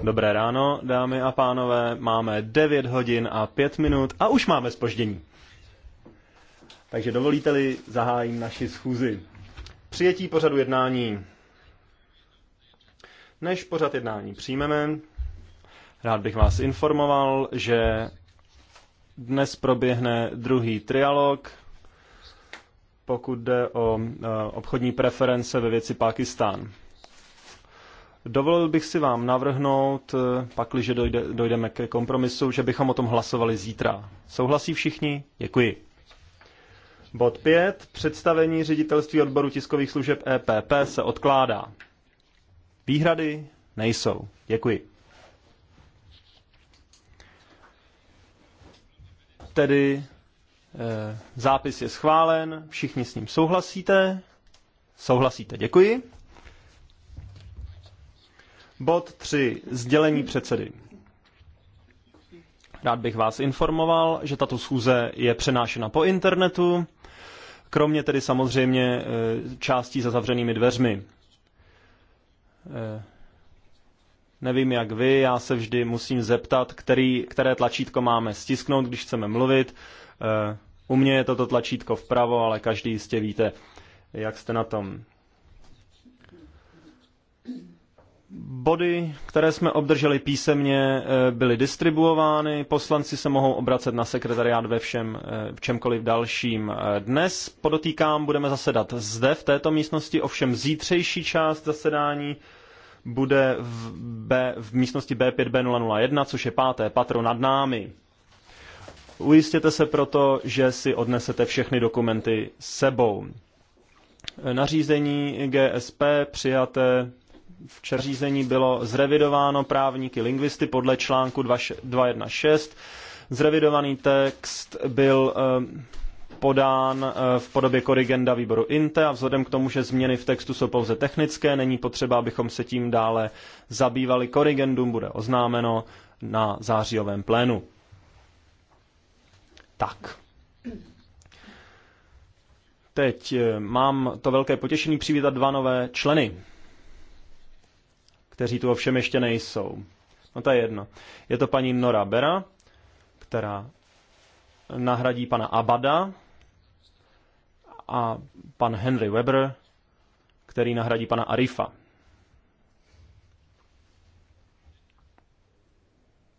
Dobré ráno, dámy a pánové. Máme 9 hodin a 5 minut a už máme spoždění. Takže dovolíte-li, zahájím naši schůzi. Přijetí pořadu jednání. Než pořad jednání přijmeme, rád bych vás informoval, že dnes proběhne druhý trialog, pokud jde o e, obchodní preference ve věci Pákistán. Dovolil bych si vám navrhnout, eh, pakliže dojde, dojdeme ke kompromisu, že bychom o tom hlasovali zítra. Souhlasí všichni? Děkuji. Bod 5. Představení ředitelství odboru tiskových služeb EPP se odkládá. Výhrady nejsou. Děkuji. Tedy eh, zápis je schválen, všichni s ním souhlasíte. Souhlasíte, děkuji. Bod 3. Sdělení předsedy. Rád bych vás informoval, že tato schůze je přenášena po internetu, kromě tedy samozřejmě e, částí za zavřenými dveřmi. E, nevím, jak vy, já se vždy musím zeptat, který, které tlačítko máme stisknout, když chceme mluvit. E, u mě je toto tlačítko vpravo, ale každý jistě víte, jak jste na tom. Body, které jsme obdrželi písemně, eh, byly distribuovány. Poslanci se mohou obracet na sekretariát ve všem, eh, v čemkoliv dalším. Eh, dnes, podotýkám, budeme zasedat zde v této místnosti, ovšem zítřejší část zasedání bude v, B, v místnosti B5B001, což je páté patro nad námi. Ujistěte se proto, že si odnesete všechny dokumenty sebou. Nařízení GSP přijaté Přeřízení bylo zrevidováno právníky lingvisty podle článku 216. Zrevidovaný text byl eh, podán eh, v podobě korigenda výboru INTE a vzhledem k tomu, že změny v textu jsou pouze technické, není potřeba, abychom se tím dále zabývali. Korigendum bude oznámeno na zářijovém plénu. Tak. Teď eh, mám to velké potěšení přivítat dva nové členy kteří tu ovšem ještě nejsou. No to je jedno. Je to paní Nora Bera, která nahradí pana Abada a pan Henry Weber, který nahradí pana Arifa.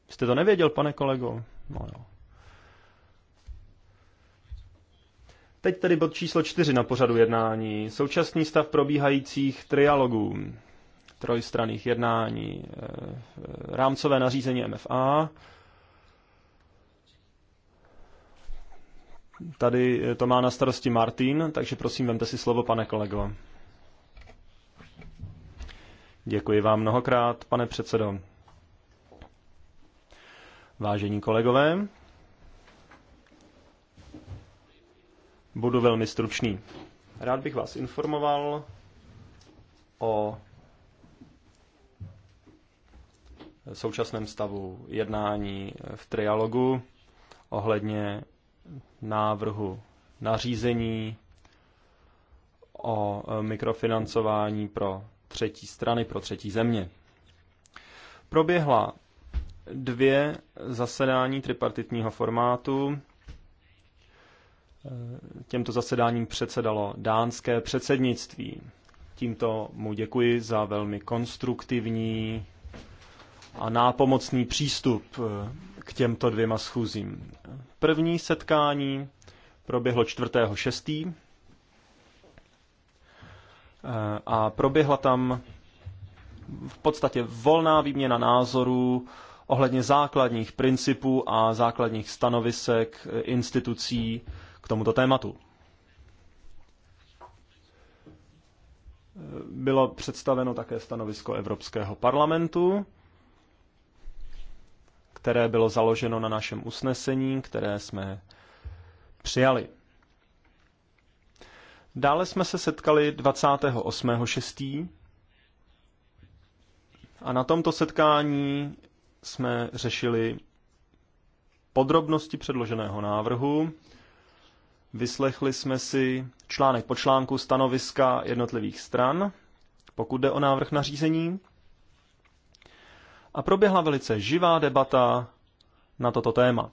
Jste to nevěděl, pane kolego? No jo. Teď tedy bod číslo čtyři na pořadu jednání. Současný stav probíhajících trialogů trojstranných jednání eh, eh, rámcové nařízení MFA. Tady eh, to má na starosti Martin, takže prosím, vemte si slovo, pane kolego. Děkuji vám mnohokrát, pane předsedo. Vážení kolegové, budu velmi stručný. Rád bych vás informoval o současném stavu jednání v trialogu ohledně návrhu nařízení o e, mikrofinancování pro třetí strany, pro třetí země. Proběhla dvě zasedání tripartitního formátu. E, těmto zasedáním předsedalo dánské předsednictví. Tímto mu děkuji za velmi konstruktivní a nápomocný přístup eh, k těmto dvěma schůzím. První setkání proběhlo 4.6. Eh, a proběhla tam v podstatě volná výměna názorů ohledně základních principů a základních stanovisek institucí k tomuto tématu. Bylo představeno také stanovisko Evropského parlamentu které bylo založeno na našem usnesení, které jsme přijali. Dále jsme se setkali 28.6. a na tomto setkání jsme řešili podrobnosti předloženého návrhu. Vyslechli jsme si článek po článku stanoviska jednotlivých stran, pokud jde o návrh nařízení a proběhla velice živá debata na toto téma.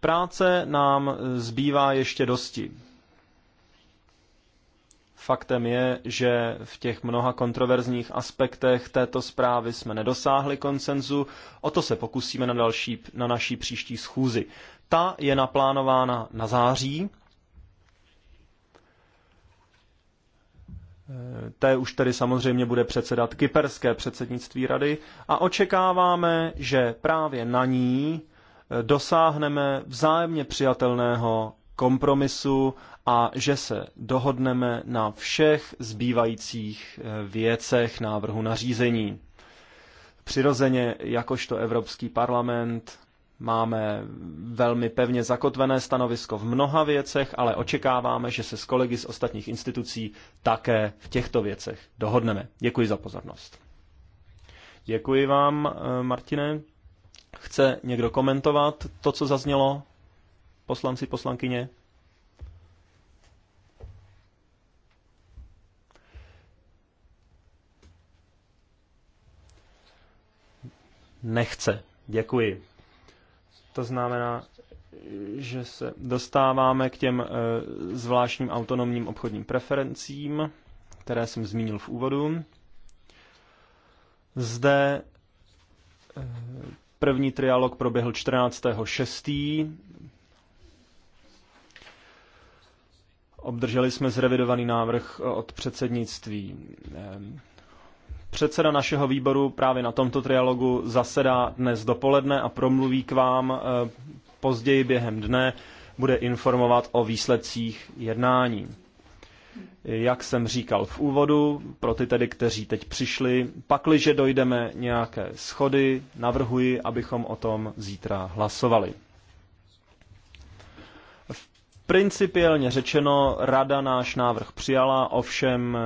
Práce nám zbývá ještě dosti. Faktem je, že v těch mnoha kontroverzních aspektech této zprávy jsme nedosáhli konsenzu, o to se pokusíme na, další, na naší příští schůzi. Ta je naplánována na září Eh, té už tedy samozřejmě bude předsedat kyperské předsednictví rady a očekáváme, že právě na ní eh, dosáhneme vzájemně přijatelného kompromisu a že se dohodneme na všech zbývajících eh, věcech návrhu nařízení. Přirozeně, jakožto Evropský parlament, Máme velmi pevně zakotvené stanovisko v mnoha věcech, ale očekáváme, že se s kolegy z ostatních institucí také v těchto věcech dohodneme. Děkuji za pozornost. Děkuji vám, eh, Martine. Chce někdo komentovat to, co zaznělo? Poslanci, poslankyně? Nechce. Děkuji. To znamená, že se dostáváme k těm eh, zvláštním autonomním obchodním preferencím, které jsem zmínil v úvodu. Zde eh, první trialog proběhl 14.6. Obdrželi jsme zrevidovaný návrh od předsednictví eh, Předseda našeho výboru právě na tomto trialogu zasedá dnes dopoledne a promluví k vám eh, později během dne, bude informovat o výsledcích jednání. Jak jsem říkal v úvodu, pro ty tedy, kteří teď přišli, pakliže dojdeme nějaké schody, navrhuji, abychom o tom zítra hlasovali. Principiálně řečeno, rada náš návrh přijala, ovšem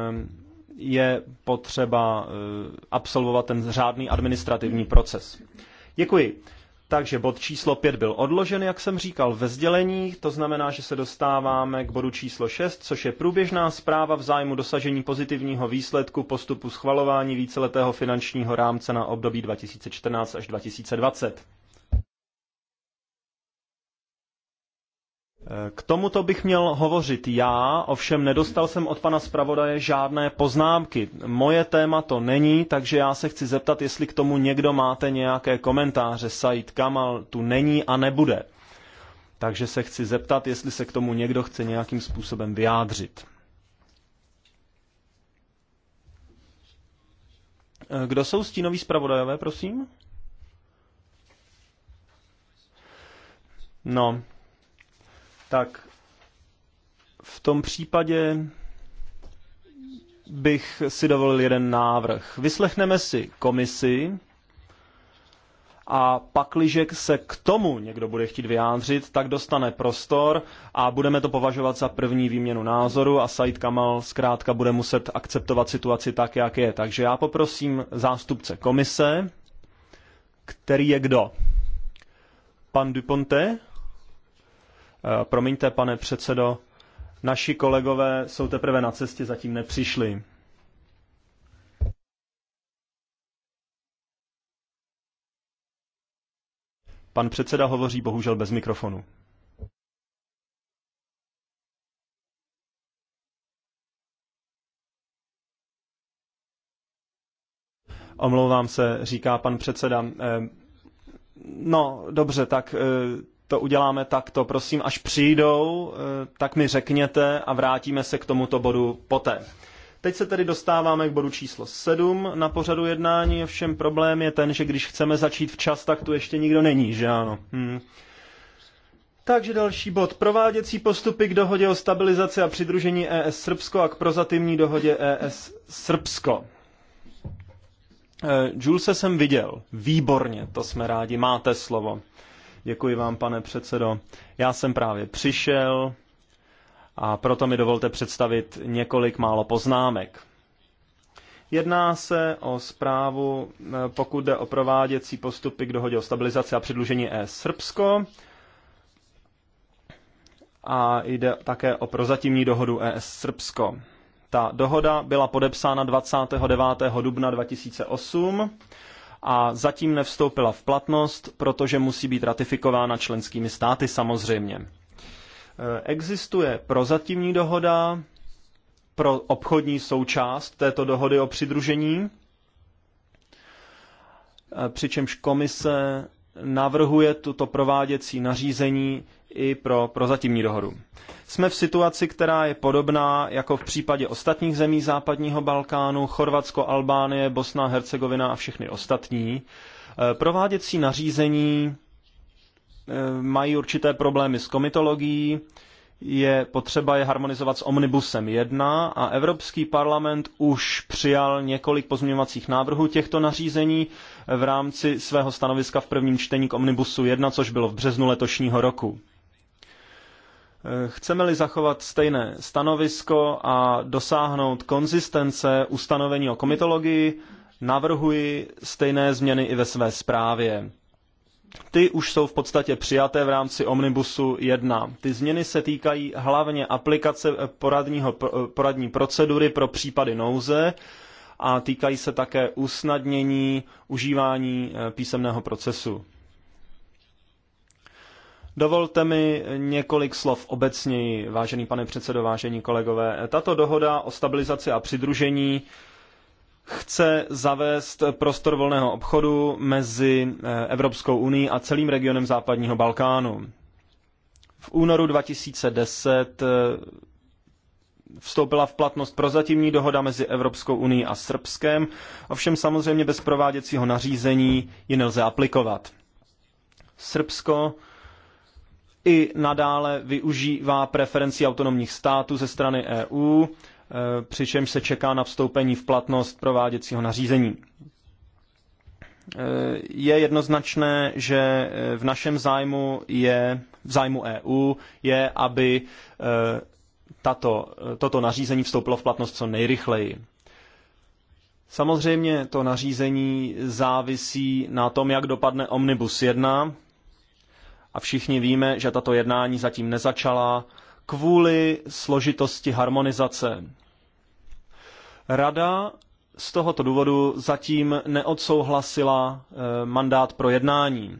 je potřeba eh, absolvovat ten řádný administrativní proces. Děkuji. Takže bod číslo 5 byl odložen, jak jsem říkal, ve sdělení, to znamená, že se dostáváme k bodu číslo 6, což je průběžná zpráva v zájmu dosažení pozitivního výsledku postupu schvalování víceletého finančního rámce na období 2014 až 2020. K tomuto bych měl hovořit já, ovšem nedostal jsem od pana zpravodaje žádné poznámky. Moje téma to není, takže já se chci zeptat, jestli k tomu někdo máte nějaké komentáře. Said Kamal tu není a nebude. Takže se chci zeptat, jestli se k tomu někdo chce nějakým způsobem vyjádřit. Eh, kdo jsou stínoví zpravodajové, prosím? No, tak v tom případě bych si dovolil jeden návrh. Vyslechneme si komisi a pakliže se k tomu někdo bude chtít vyjádřit, tak dostane prostor a budeme to považovat za první výměnu názoru a Said Kamal zkrátka bude muset akceptovat situaci tak, jak je. Takže já poprosím zástupce komise, který je kdo? Pan Duponte? Eh, promiňte, pane předsedo, naši kolegové jsou teprve na cestě, zatím nepřišli. Pan předseda hovoří bohužel bez mikrofonu. Omlouvám se, říká pan předseda. Eh, no, dobře, tak eh, to uděláme takto. Prosím, až přijdou, eh, tak mi řekněte a vrátíme se k tomuto bodu poté. Teď se tedy dostáváme k bodu číslo 7 na pořadu jednání, ovšem problém je ten, že když chceme začít včas, tak tu ještě nikdo není, že ano? Hmm. Takže další bod. Prováděcí postupy k dohodě o stabilizaci a přidružení ES Srbsko a k prozatímní dohodě ES Srbsko. E, Jules jsem viděl. Výborně, to jsme rádi. Máte slovo. Děkuji vám, pane předsedo. Já jsem právě přišel a proto mi dovolte představit několik málo poznámek. Jedná se o zprávu, eh, pokud jde o prováděcí postupy k dohodě o stabilizaci a předlužení E Srbsko. A jde také o prozatímní dohodu ES Srbsko. Ta dohoda byla podepsána 29. dubna 2008 a zatím nevstoupila v platnost, protože musí být ratifikována členskými státy samozřejmě. Eh, existuje prozatímní dohoda pro obchodní součást této dohody o přidružení, eh, přičemž komise navrhuje tuto prováděcí nařízení i pro prozatímní dohodu. Jsme v situaci, která je podobná jako v případě ostatních zemí západního Balkánu, Chorvatsko, Albánie, Bosna, Hercegovina a všechny ostatní. E, prováděcí nařízení e, mají určité problémy s komitologií, je potřeba je harmonizovat s Omnibusem 1 a Evropský parlament už přijal několik pozměňovacích návrhů těchto nařízení v rámci svého stanoviska v prvním čtení k Omnibusu 1, což bylo v březnu letošního roku. Eh, chceme-li zachovat stejné stanovisko a dosáhnout konzistence ustanovení o komitologii, navrhuji stejné změny i ve své zprávě ty už jsou v podstatě přijaté v rámci Omnibusu 1. Ty změny se týkají hlavně aplikace eh, poradního, eh, poradní procedury pro případy nouze a týkají se také usnadnění užívání eh, písemného procesu. Dovolte mi několik slov obecněji, vážený pane předsedo, vážení kolegové. Tato dohoda o stabilizaci a přidružení chce zavést prostor volného obchodu mezi eh, Evropskou unii a celým regionem západního Balkánu. V únoru 2010 eh, vstoupila v platnost prozatímní dohoda mezi Evropskou unii a Srbskem, ovšem samozřejmě bez prováděcího nařízení ji nelze aplikovat. Srbsko i nadále využívá preferenci autonomních států ze strany EU, Eh, přičemž se čeká na vstoupení v platnost prováděcího nařízení. Eh, je jednoznačné, že eh, v našem zájmu je, v zájmu EU je, aby tato, toto nařízení vstoupilo v platnost co nejrychleji. Samozřejmě to nařízení závisí na tom, jak dopadne Omnibus 1 a všichni víme, že tato jednání zatím nezačala kvůli složitosti harmonizace. Rada z tohoto důvodu zatím neodsouhlasila eh, mandát pro jednání.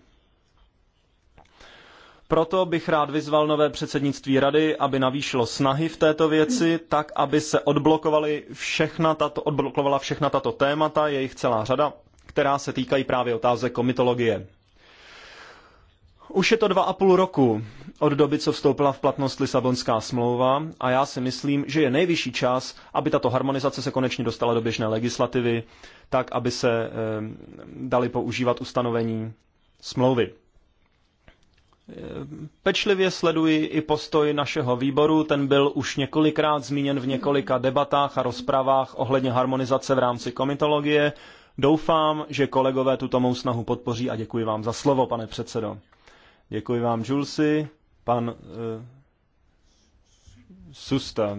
Proto bych rád vyzval nové předsednictví rady, aby navýšilo snahy v této věci, tak aby se odblokovaly všechna tato, odblokovala všechna tato témata, je jich celá řada, která se týkají právě otázek komitologie. Už je to dva a půl roku od doby, co vstoupila v platnost Lisabonská smlouva a já si myslím, že je nejvyšší čas, aby tato harmonizace se konečně dostala do běžné legislativy, tak, aby se e, dali používat ustanovení smlouvy. Eh, pečlivě sleduji i postoj našeho výboru, ten byl už několikrát zmíněn v několika debatách a rozpravách ohledně harmonizace v rámci komitologie. Doufám, že kolegové tuto mou snahu podpoří a děkuji vám za slovo, pane předsedo. Děkuji vám, Julesi. Pan uh, Susta.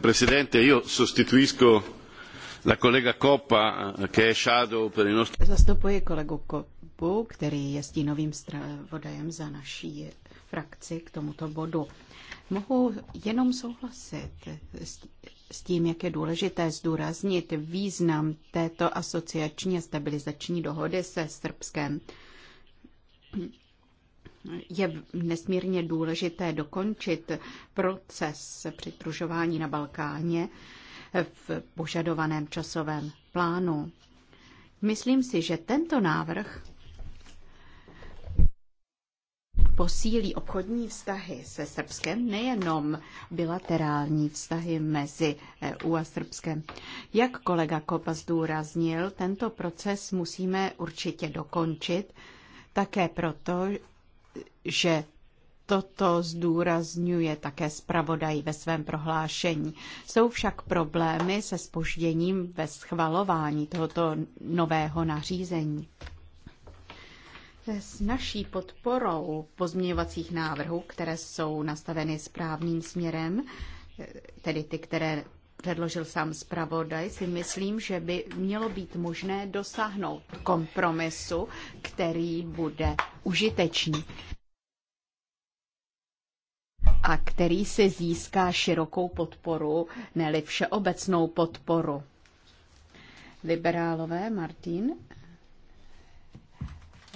Presidente, io sostituisco la collega Coppa, eh, che è shadow per il nostro... Zastupuji kolegu Coppu, který je stínovým stravodajem za naší frakci k tomuto bodu. Mohu jenom souhlasit s tím, jak je důležité zdůraznit význam této asociační a stabilizační dohody se Srbskem je nesmírně důležité dokončit proces přitružování na Balkáně v požadovaném časovém plánu. Myslím si, že tento návrh posílí obchodní vztahy se Srbskem, nejenom bilaterální vztahy mezi EU a Srbskem. Jak kolega Kopa zdůraznil, tento proces musíme určitě dokončit, také proto, že Toto zdůrazňuje také zpravodaj ve svém prohlášení. Jsou však problémy se spožděním ve schvalování tohoto nového nařízení. S naší podporou pozměňovacích návrhů, které jsou nastaveny správným směrem, tedy ty, které předložil sám zpravodaj, si myslím, že by mělo být možné dosáhnout kompromisu, který bude užitečný a který si získá širokou podporu, neli všeobecnou podporu. Liberálové, Martin.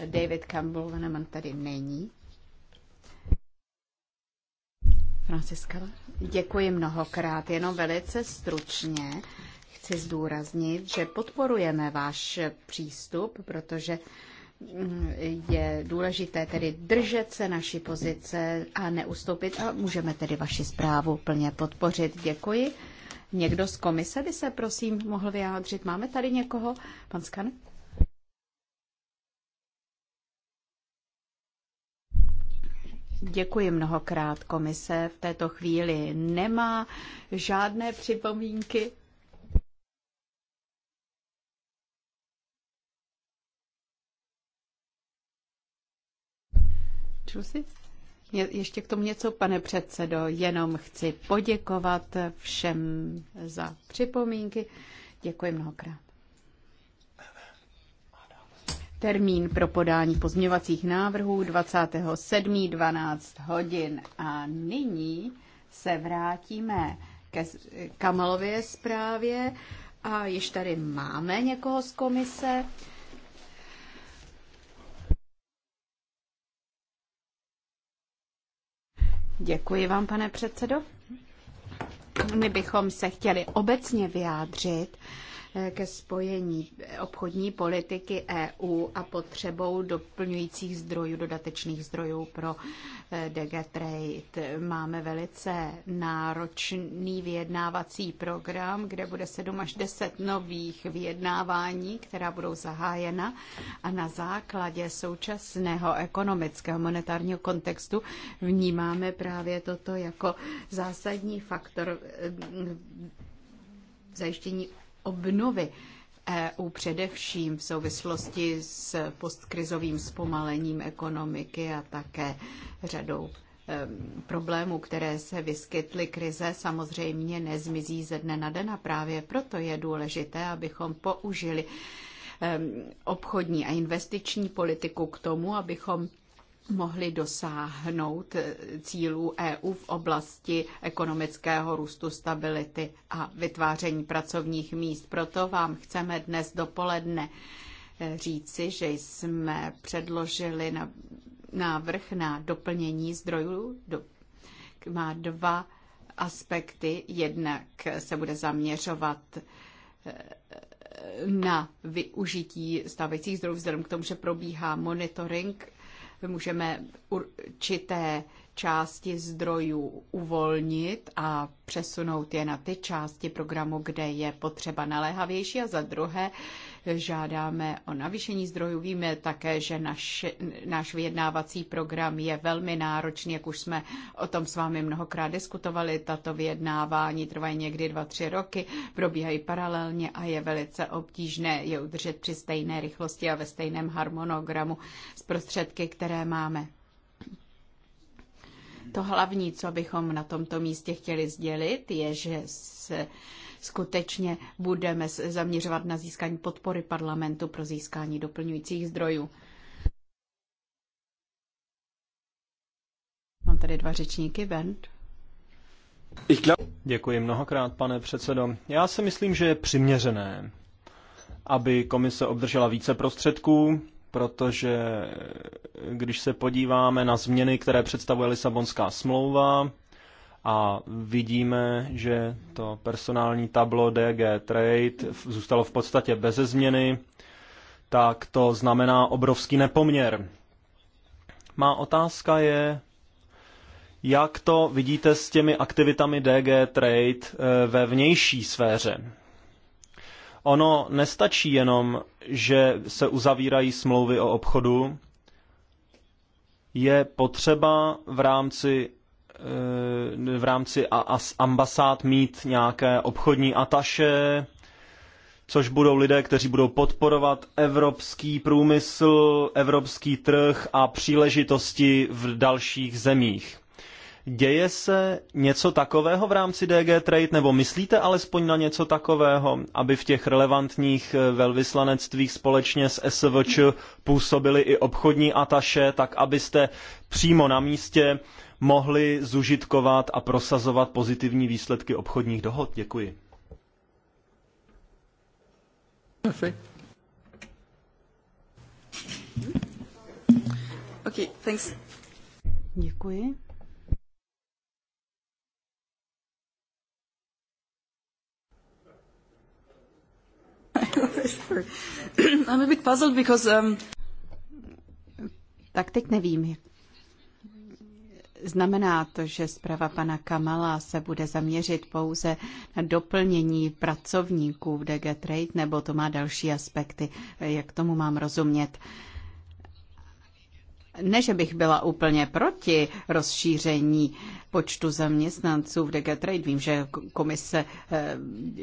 David Campbell Veneman tady není. Děkuji mnohokrát, jenom velice stručně chci zdůraznit, že podporujeme váš přístup, protože mm, je důležité tedy držet se naší pozice a neustoupit a můžeme tedy vaši zprávu plně podpořit. Děkuji. Někdo z komise by se prosím mohl vyjádřit. Máme tady někoho? Pan Skan? Děkuji mnohokrát. Komise v této chvíli nemá žádné připomínky. Čusi? Ještě k tomu něco, pane předsedo. Jenom chci poděkovat všem za připomínky. Děkuji mnohokrát. Termín pro podání pozměvacích návrhů 27.12 hodin. A nyní se vrátíme ke Kamalově zprávě. A již tady máme někoho z komise. Děkuji vám, pane předsedo. My bychom se chtěli obecně vyjádřit ke spojení obchodní politiky EU a potřebou doplňujících zdrojů, dodatečných zdrojů pro eh, DG Trade. Máme velice náročný vyjednávací program, kde bude 7 až 10 nových vyjednávání, která budou zahájena a na základě současného ekonomického monetárního kontextu vnímáme právě toto jako zásadní faktor eh, zajištění obnovy EU především v souvislosti s postkrizovým zpomalením ekonomiky a také řadou problémů, které se vyskytly krize, samozřejmě nezmizí ze dne na den a právě proto je důležité, abychom použili obchodní a investiční politiku k tomu, abychom mohli dosáhnout eh, cílů EU v oblasti ekonomického růstu, stability a vytváření pracovních míst. Proto vám chceme dnes dopoledne eh, říci, že jsme předložili návrh na doplnění zdrojů. Má dva aspekty. Jednak se bude zaměřovat eh, na využití stávajících zdrojů, vzhledem k tomu, že probíhá monitoring můžeme určité části zdrojů uvolnit a přesunout je na ty části programu, kde je potřeba naléhavější a za druhé žádáme o navýšení zdrojů. Víme také, že naš, náš vyjednávací program je velmi náročný, jak už jsme o tom s vámi mnohokrát diskutovali. Tato vyjednávání trvají někdy dva, tři roky, probíhají paralelně a je velice obtížné je udržet při stejné rychlosti a ve stejném harmonogramu s prostředky, které máme. To hlavní, co bychom na tomto místě chtěli sdělit, je, že se skutečně budeme zaměřovat na získání podpory parlamentu pro získání doplňujících zdrojů. Mám tady dva řečníky, Bernd. Děkuji mnohokrát, pane předsedo. Já si myslím, že je přiměřené, aby komise obdržela více prostředků, protože když se podíváme na změny, které představuje Lisabonská smlouva, a vidíme, že to personální tablo DG Trade zůstalo v podstatě bez změny, tak to znamená obrovský nepoměr. Má otázka je, jak to vidíte s těmi aktivitami DG Trade eh, ve vnější sféře? Ono nestačí jenom, že se uzavírají smlouvy o obchodu, je potřeba v rámci eh, v rámci ambasád mít nějaké obchodní ataše, což budou lidé, kteří budou podporovat evropský průmysl, evropský trh a příležitosti v dalších zemích. Děje se něco takového v rámci DG Trade, nebo myslíte alespoň na něco takového, aby v těch relevantních eh, velvyslanectvích společně s SVČ působili i obchodní ataše, tak abyste přímo na místě mohli zužitkovat a prosazovat pozitivní výsledky obchodních dohod? Děkuji. Okay, thanks. Děkuji. I'm a bit puzzled because... Um... Tak teď nevím. Znamená to, že zpráva pana Kamala se bude zaměřit pouze na doplnění pracovníků v DG Trade, nebo to má další aspekty? Jak tomu mám rozumět? Uh, ne, že bych byla úplně proti rozšíření počtu zaměstnanců v Degatrade. Vím, že komise eh,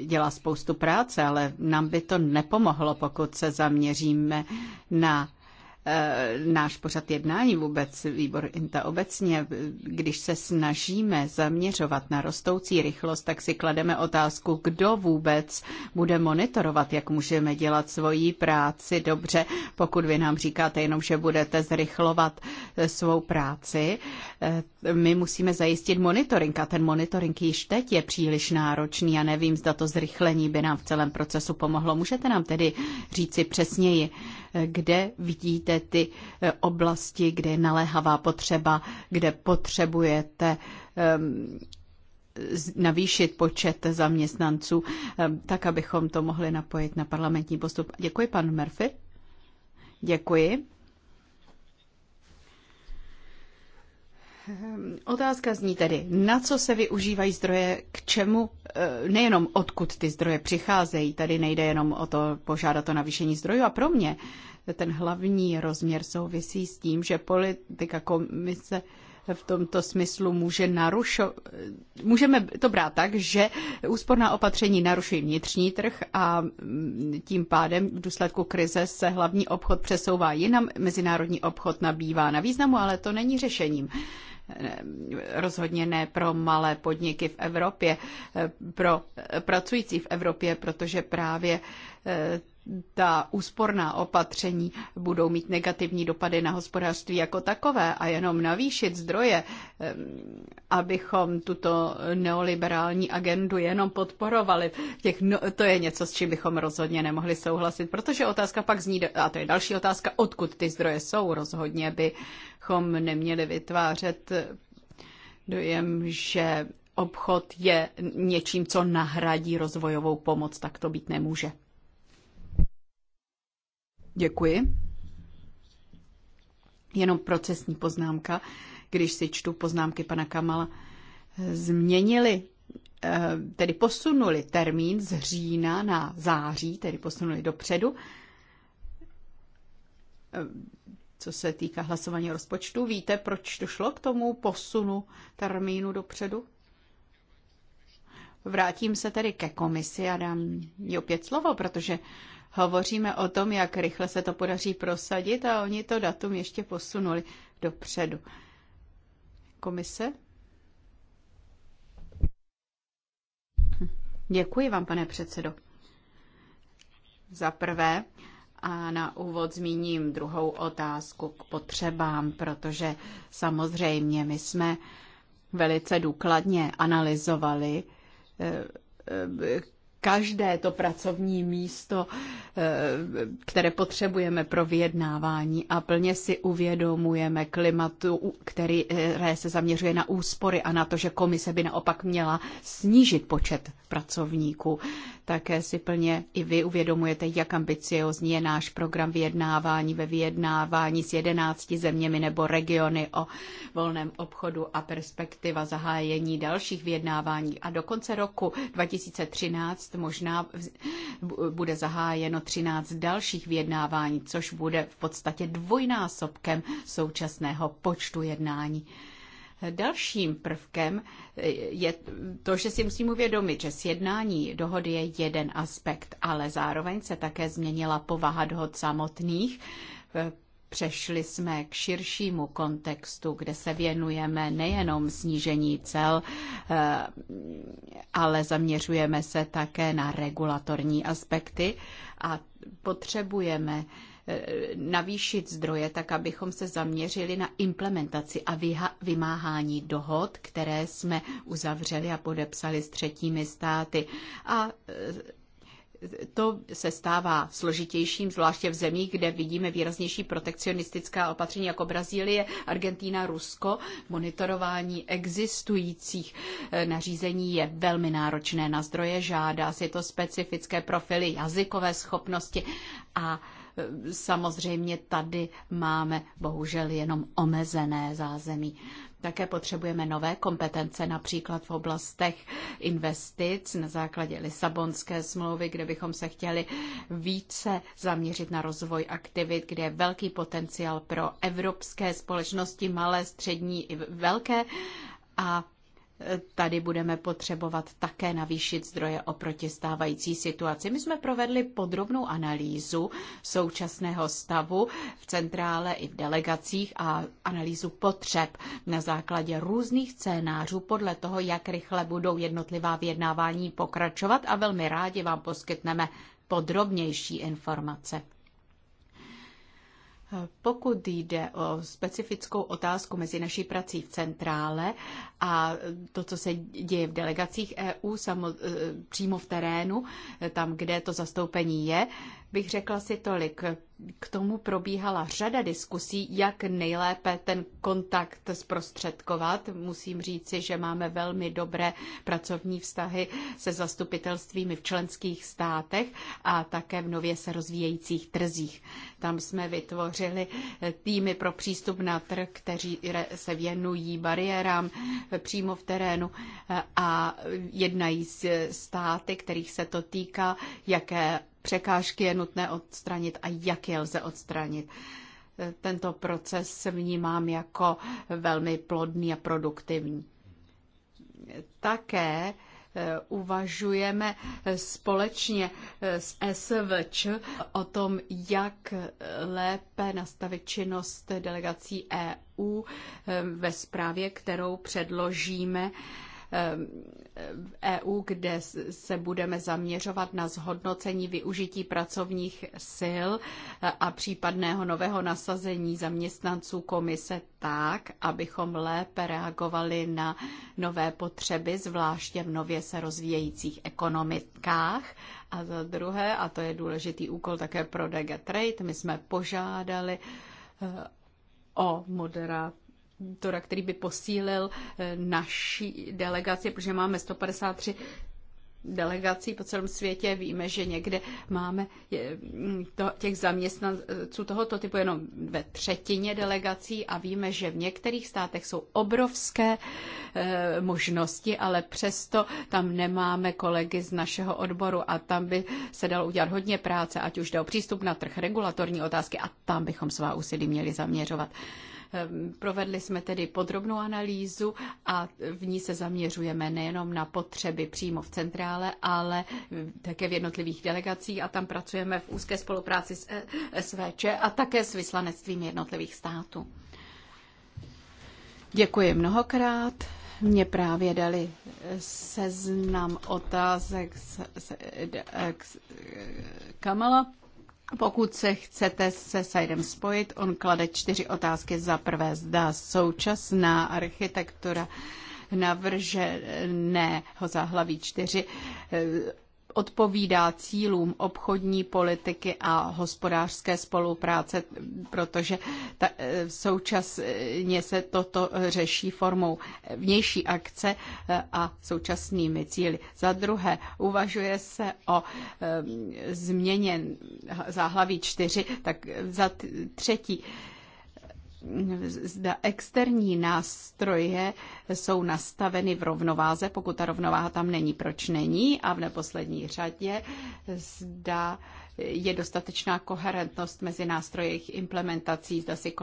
dělá spoustu práce, ale nám by to nepomohlo, pokud se zaměříme na Eh, náš pořad jednání, vůbec výbor INTA obecně, když se snažíme zaměřovat na rostoucí rychlost, tak si klademe otázku, kdo vůbec bude monitorovat, jak můžeme dělat svoji práci dobře, pokud vy nám říkáte jenom, že budete zrychlovat eh, svou práci. Eh, my musíme zajistit monitoring a ten monitoring již teď je příliš náročný a nevím, zda to zrychlení by nám v celém procesu pomohlo. Můžete nám tedy říci přesněji, kde vidíte ty eh, oblasti, kde je naléhavá potřeba, kde potřebujete ehm, navýšit počet zaměstnanců, ehm, tak abychom to mohli napojit na parlamentní postup. Děkuji, pan Murphy. Děkuji. Eh, otázka zní tedy, na co se využívají zdroje, k čemu, eh, nejenom odkud ty zdroje přicházejí, tady nejde jenom o to požádat o navýšení zdrojů a pro mě ten hlavní rozměr souvisí s tím, že politika komise v tomto smyslu může narušovat. Eh, můžeme to brát tak, že úsporná opatření narušují vnitřní trh a mm, tím pádem v důsledku krize se hlavní obchod přesouvá jinam, mezinárodní obchod nabývá na významu, ale to není řešením rozhodně ne pro malé podniky v Evropě, pro pracující v Evropě, protože právě eh, ta úsporná opatření budou mít negativní dopady na hospodářství jako takové a jenom navýšit zdroje, eh, abychom tuto neoliberální agendu jenom podporovali. Těch, no, to je něco, s čím bychom rozhodně nemohli souhlasit, protože otázka pak zní, a to je další otázka, odkud ty zdroje jsou, rozhodně by uh, bychom neměli vytvářet dojem, že obchod je něčím, co nahradí rozvojovou pomoc. Tak to být nemůže. Děkuji. Jenom procesní poznámka, když si čtu poznámky pana Kamala, změnili, eh, tedy posunuli termín z října na září, tedy posunuli dopředu. Co se týká hlasování rozpočtu, víte, proč došlo k tomu posunu termínu dopředu? Vrátím se tedy ke komisi a dám ji opět slovo, protože hovoříme o tom, jak rychle se to podaří prosadit a oni to datum ještě posunuli dopředu. Komise? Hm, děkuji vám, pane předsedo. Za prvé, a na úvod zmíním druhou otázku k potřebám, protože samozřejmě my jsme velice důkladně analyzovali, eh, eh, každé to pracovní místo, eh, které potřebujeme pro vyjednávání a plně si uvědomujeme klimatu, který eh, se zaměřuje na úspory a na to, že komise by naopak měla snížit počet pracovníků. Také si plně i vy uvědomujete, jak ambiciozní je náš program vyjednávání ve vyjednávání s jedenácti zeměmi nebo regiony o volném obchodu a perspektiva zahájení dalších vyjednávání. A do konce roku 2013 13. Možná bude zahájeno 13 dalších vyjednávání, což bude v podstatě dvojnásobkem současného počtu jednání. Dalším prvkem eh, je to, že si musím uvědomit, že sjednání dohody je jeden aspekt, ale zároveň se také změnila povaha dohod samotných eh, Přešli jsme k širšímu kontextu, kde se věnujeme nejenom snížení cel, eh, ale zaměřujeme se také na regulatorní aspekty a potřebujeme eh, navýšit zdroje, tak abychom se zaměřili na implementaci a vymáhání dohod, které jsme uzavřeli a podepsali s třetími státy. A eh, to se stává složitějším, zvláště v zemích, kde vidíme výraznější protekcionistická opatření jako Brazílie, Argentína, Rusko. Monitorování existujících eh, nařízení je velmi náročné na zdroje, žádá si to specifické profily, jazykové schopnosti a eh, samozřejmě tady máme bohužel jenom omezené zázemí. Také potřebujeme nové kompetence, například v oblastech investic na základě Lisabonské smlouvy, kde bychom se chtěli více zaměřit na rozvoj aktivit, kde je velký potenciál pro evropské společnosti, malé, střední i velké. A tady budeme potřebovat také navýšit zdroje oproti stávající situaci. My jsme provedli podrobnou analýzu současného stavu v centrále i v delegacích a analýzu potřeb na základě různých scénářů podle toho, jak rychle budou jednotlivá vyjednávání pokračovat a velmi rádi vám poskytneme podrobnější informace. Pokud jde o specifickou otázku mezi naší prací v centrále a to, co se děje v delegacích EU samo, e, přímo v terénu, tam, kde to zastoupení je, bych řekla si tolik. K tomu probíhala řada diskusí, jak nejlépe ten kontakt zprostředkovat. Musím říci, že máme velmi dobré pracovní vztahy se zastupitelstvími v členských státech a také v nově se rozvíjejících trzích. Tam jsme vytvořili týmy pro přístup na trh, kteří se věnují bariérám přímo v terénu a jednají s státy, kterých se to týká, jaké překážky je nutné odstranit a jak je lze odstranit. Tento proces vnímám jako velmi plodný a produktivní. Také eh, uvažujeme společně eh, s SVČ o tom, jak lépe nastavit činnost delegací EU eh, ve zprávě, kterou předložíme EU, eh, e kde se budeme zaměřovat na zhodnocení využití pracovních sil eh, a případného nového nasazení zaměstnanců komise tak, abychom lépe reagovali na nové potřeby, zvláště v nově se rozvíjejících ekonomikách. A za druhé, a to je důležitý úkol také pro DG Trade, my jsme požádali eh, o moderátor koordinátora, který by posílil eh, naší delegaci, protože máme 153 delegací po celém světě. Víme, že někde máme mm, to, těch zaměstnanců tohoto typu jenom ve třetině delegací a víme, že v některých státech jsou obrovské e, možnosti, ale přesto tam nemáme kolegy z našeho odboru a tam by se dalo udělat hodně práce, ať už jde o přístup na trh, regulatorní otázky a tam bychom svá úsilí měli zaměřovat. Ehm, provedli jsme tedy podrobnou analýzu a v ní se zaměřujeme nejenom na potřeby přímo v centrále, ale také v jednotlivých delegacích a tam pracujeme v úzké spolupráci s eh, SVČ a také s vyslanectvím jednotlivých států. Děkuji mnohokrát. Mě právě dali seznam otázek z, z, z, z Kamala pokud se chcete se Sajdem spojit, on klade čtyři otázky. Za prvé, zda současná architektura navrženého záhlaví čtyři odpovídá cílům obchodní politiky a hospodářské spolupráce, protože ta, eh, současně se toto řeší formou vnější akce eh, a současnými cíly. Za druhé, uvažuje se o eh, změně záhlaví čtyři, tak za třetí, zda externí nástroje jsou nastaveny v rovnováze, pokud ta rovnováha tam není, proč není a v neposlední řadě zda je dostatečná koherentnost mezi nástroje jejich implementací. Zda si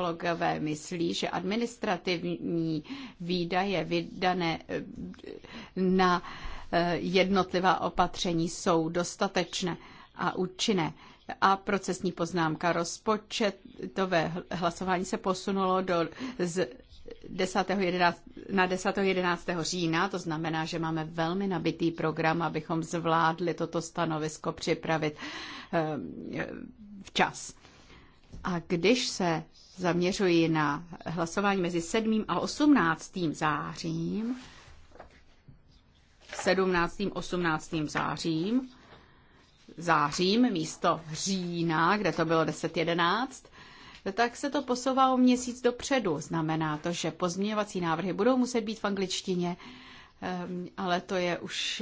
myslí, že administrativní výdaje vydané eh, na eh, jednotlivá opatření jsou dostatečné a účinné. A procesní poznámka rozpočetové hlasování se posunulo do z 10. 11, na 10. 11. října, to znamená, že máme velmi nabitý program, abychom zvládli toto stanovisko připravit eh, včas. A když se zaměřuji na hlasování mezi 7. a 18. zářím, 17. 18. zářím, zářím místo října, kde to bylo 10.11, tak se to posouvá o měsíc dopředu. Znamená to, že pozměňovací návrhy budou muset být v angličtině, ehm, ale to je už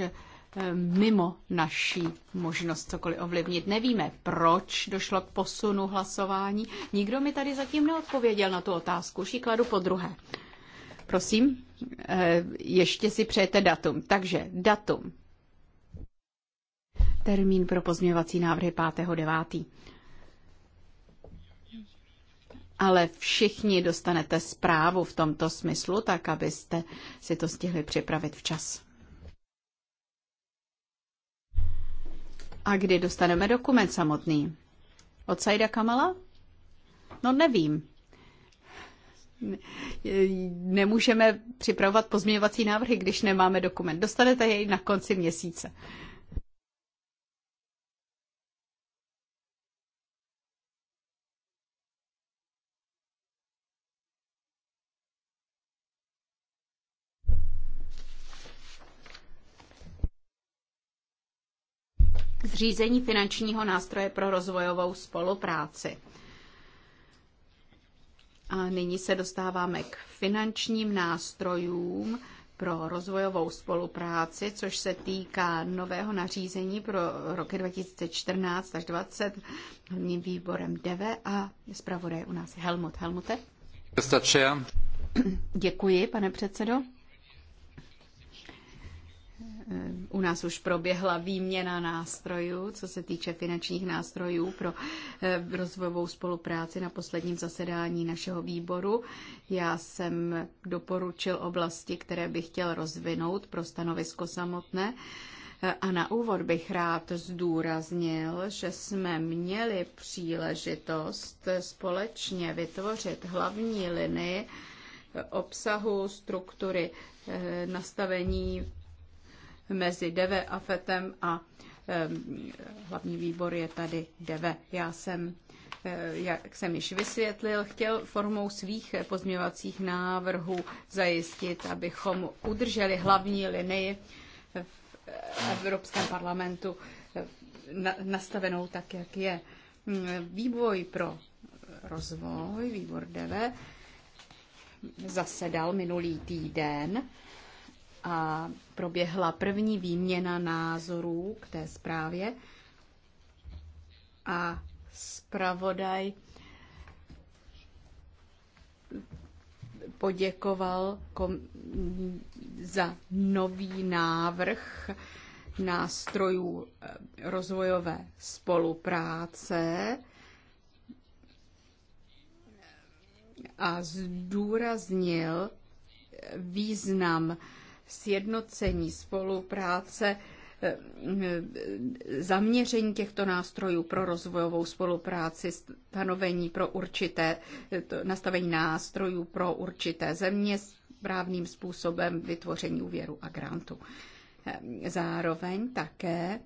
ehm, mimo naší možnost cokoliv ovlivnit. Nevíme, proč došlo k posunu hlasování. Nikdo mi tady zatím neodpověděl na tu otázku. Už ji kladu po druhé. Prosím, eh, ještě si přejete datum. Takže datum Termín pro pozměňovací návrhy 9. Ale všichni dostanete zprávu v tomto smyslu, tak abyste si to stihli připravit včas. A kdy dostaneme dokument samotný? Od Saida Kamala? No nevím. Nemůžeme připravovat pozměňovací návrhy, když nemáme dokument. Dostanete jej na konci měsíce. zřízení finančního nástroje pro rozvojovou spolupráci. A nyní se dostáváme k finančním nástrojům pro rozvojovou spolupráci, což se týká nového nařízení pro roky 2014 až 20 hlavním výborem DEVE a zpravodaj u nás Helmut. Helmute? Děkuji, pane předsedo. U nás už proběhla výměna nástrojů, co se týče finančních nástrojů pro eh, rozvojovou spolupráci na posledním zasedání našeho výboru. Já jsem doporučil oblasti, které bych chtěl rozvinout pro stanovisko samotné. Eh, a na úvod bych rád zdůraznil, že jsme měli příležitost společně vytvořit hlavní linii obsahu, struktury, eh, nastavení mezi DEVE a FETem a hlavní výbor je tady DEVE. Já jsem eh, jak jsem již vysvětlil, chtěl formou svých pozměvacích návrhů zajistit, abychom udrželi hlavní linii v Evropském parlamentu eh, nastavenou tak, jak je. Mm, Vývoj pro rozvoj, výbor DV, zasedal minulý týden a proběhla první výměna názorů k té zprávě a zpravodaj poděkoval za nový návrh nástrojů eh, rozvojové spolupráce a zdůraznil význam sjednocení spolupráce, eh, zaměření těchto nástrojů pro rozvojovou spolupráci, stanovení pro určité, eh, nastavení nástrojů pro určité země správným způsobem vytvoření úvěru a grantu. Ehm, zároveň také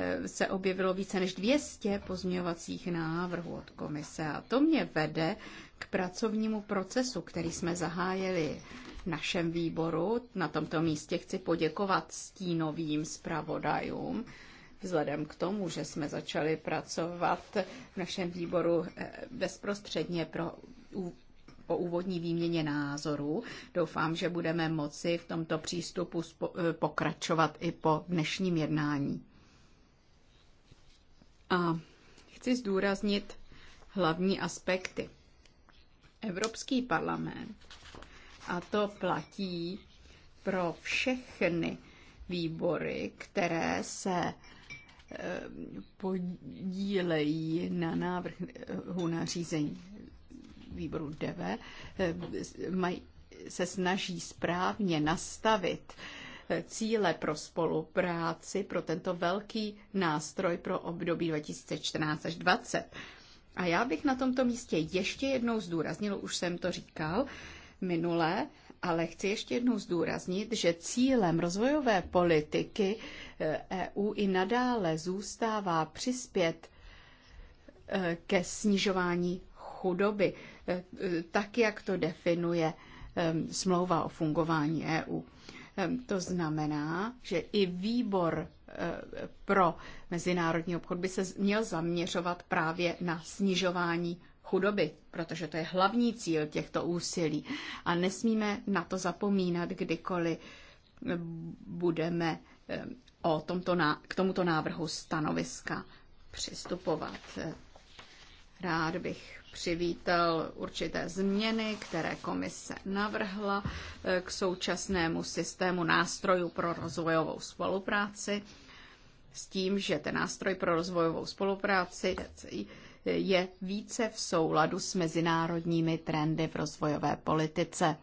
Eh, se objevilo více než 200 pozměňovacích návrhů od komise. A to mě vede k pracovnímu procesu, který jsme zahájili v našem výboru. Na tomto místě chci poděkovat stínovým zpravodajům, vzhledem k tomu, že jsme začali pracovat v našem výboru eh, bezprostředně pro po úvodní výměně názorů. Doufám, že budeme moci v tomto přístupu eh, pokračovat i po dnešním jednání. A chci zdůraznit hlavní aspekty. Evropský parlament, a to platí pro všechny výbory, které se eh, podílejí na návrhu na řízení výboru DEVE, eh, se snaží správně nastavit cíle pro spolupráci pro tento velký nástroj pro období 2014 až 2020. A já bych na tomto místě ještě jednou zdůraznil, už jsem to říkal minule, ale chci ještě jednou zdůraznit, že cílem rozvojové politiky EU eh, e i nadále zůstává přispět eh, ke snižování chudoby, eh, tak jak to definuje smlouva o fungování EU. To znamená, že i výbor eh, pro mezinárodní obchod by se měl zaměřovat právě na snižování chudoby, protože to je hlavní cíl těchto úsilí. A nesmíme na to zapomínat, kdykoliv eh, budeme o tomto, k tomuto návrhu stanoviska přistupovat. Rád bych přivítal určité změny, které komise navrhla eh, k současnému systému nástrojů pro rozvojovou spolupráci s tím, že ten nástroj pro rozvojovou spolupráci je více v souladu s mezinárodními trendy v rozvojové politice.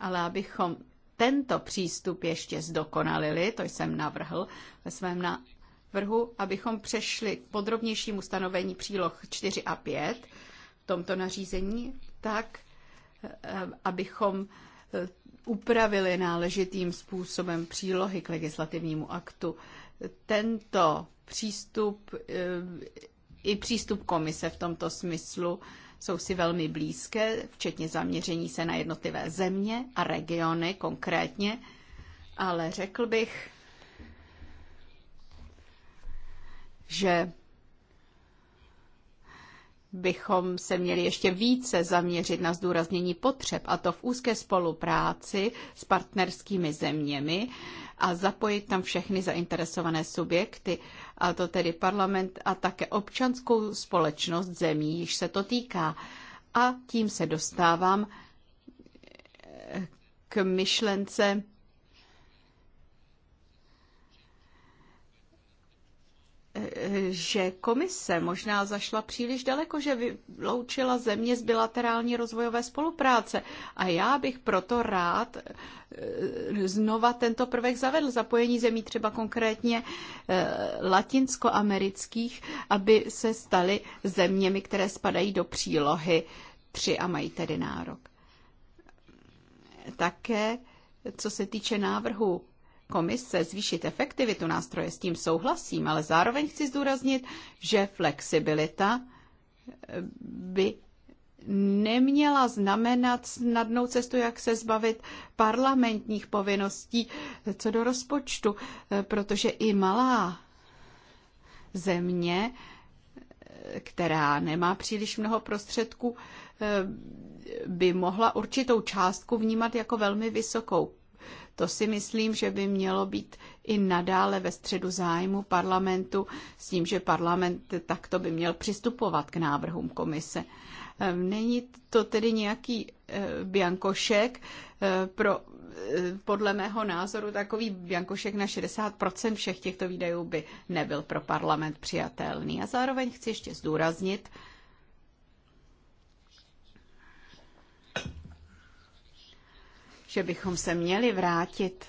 Ale abychom tento přístup ještě zdokonalili, to jsem navrhl ve svém vrhu, abychom přešli k podrobnějšímu stanovení příloh 4 a 5 v tomto nařízení, tak, eh, abychom eh, upravili náležitým způsobem přílohy k legislativnímu aktu. Tento přístup eh, i přístup komise v tomto smyslu jsou si velmi blízké, včetně zaměření se na jednotlivé země a regiony konkrétně, ale řekl bych, že bychom se měli ještě více zaměřit na zdůraznění potřeb, a to v úzké spolupráci s partnerskými zeměmi a zapojit tam všechny zainteresované subjekty, a to tedy parlament a také občanskou společnost zemí, již se to týká. A tím se dostávám k myšlence že komise možná zašla příliš daleko, že vyloučila země z bilaterální rozvojové spolupráce. A já bych proto rád eh, znova tento prvek zavedl, zapojení zemí třeba konkrétně eh, latinskoamerických, aby se staly zeměmi, které spadají do přílohy 3 a mají tedy nárok. Také, co se týče návrhu komise zvýšit efektivitu nástroje, s tím souhlasím, ale zároveň chci zdůraznit, že flexibilita eh, by neměla znamenat snadnou cestu, jak se zbavit parlamentních povinností eh, co do rozpočtu, eh, protože i malá země, která nemá příliš mnoho prostředků, by mohla určitou částku vnímat jako velmi vysokou. To si myslím, že by mělo být i nadále ve středu zájmu parlamentu, s tím, že parlament takto by měl přistupovat k návrhům komise. Ehm, není to tedy nějaký eh, biankošek eh, pro eh, podle mého názoru takový biankošek na 60% všech těchto výdajů by nebyl pro parlament přijatelný. A zároveň chci ještě zdůraznit, že bychom se měli vrátit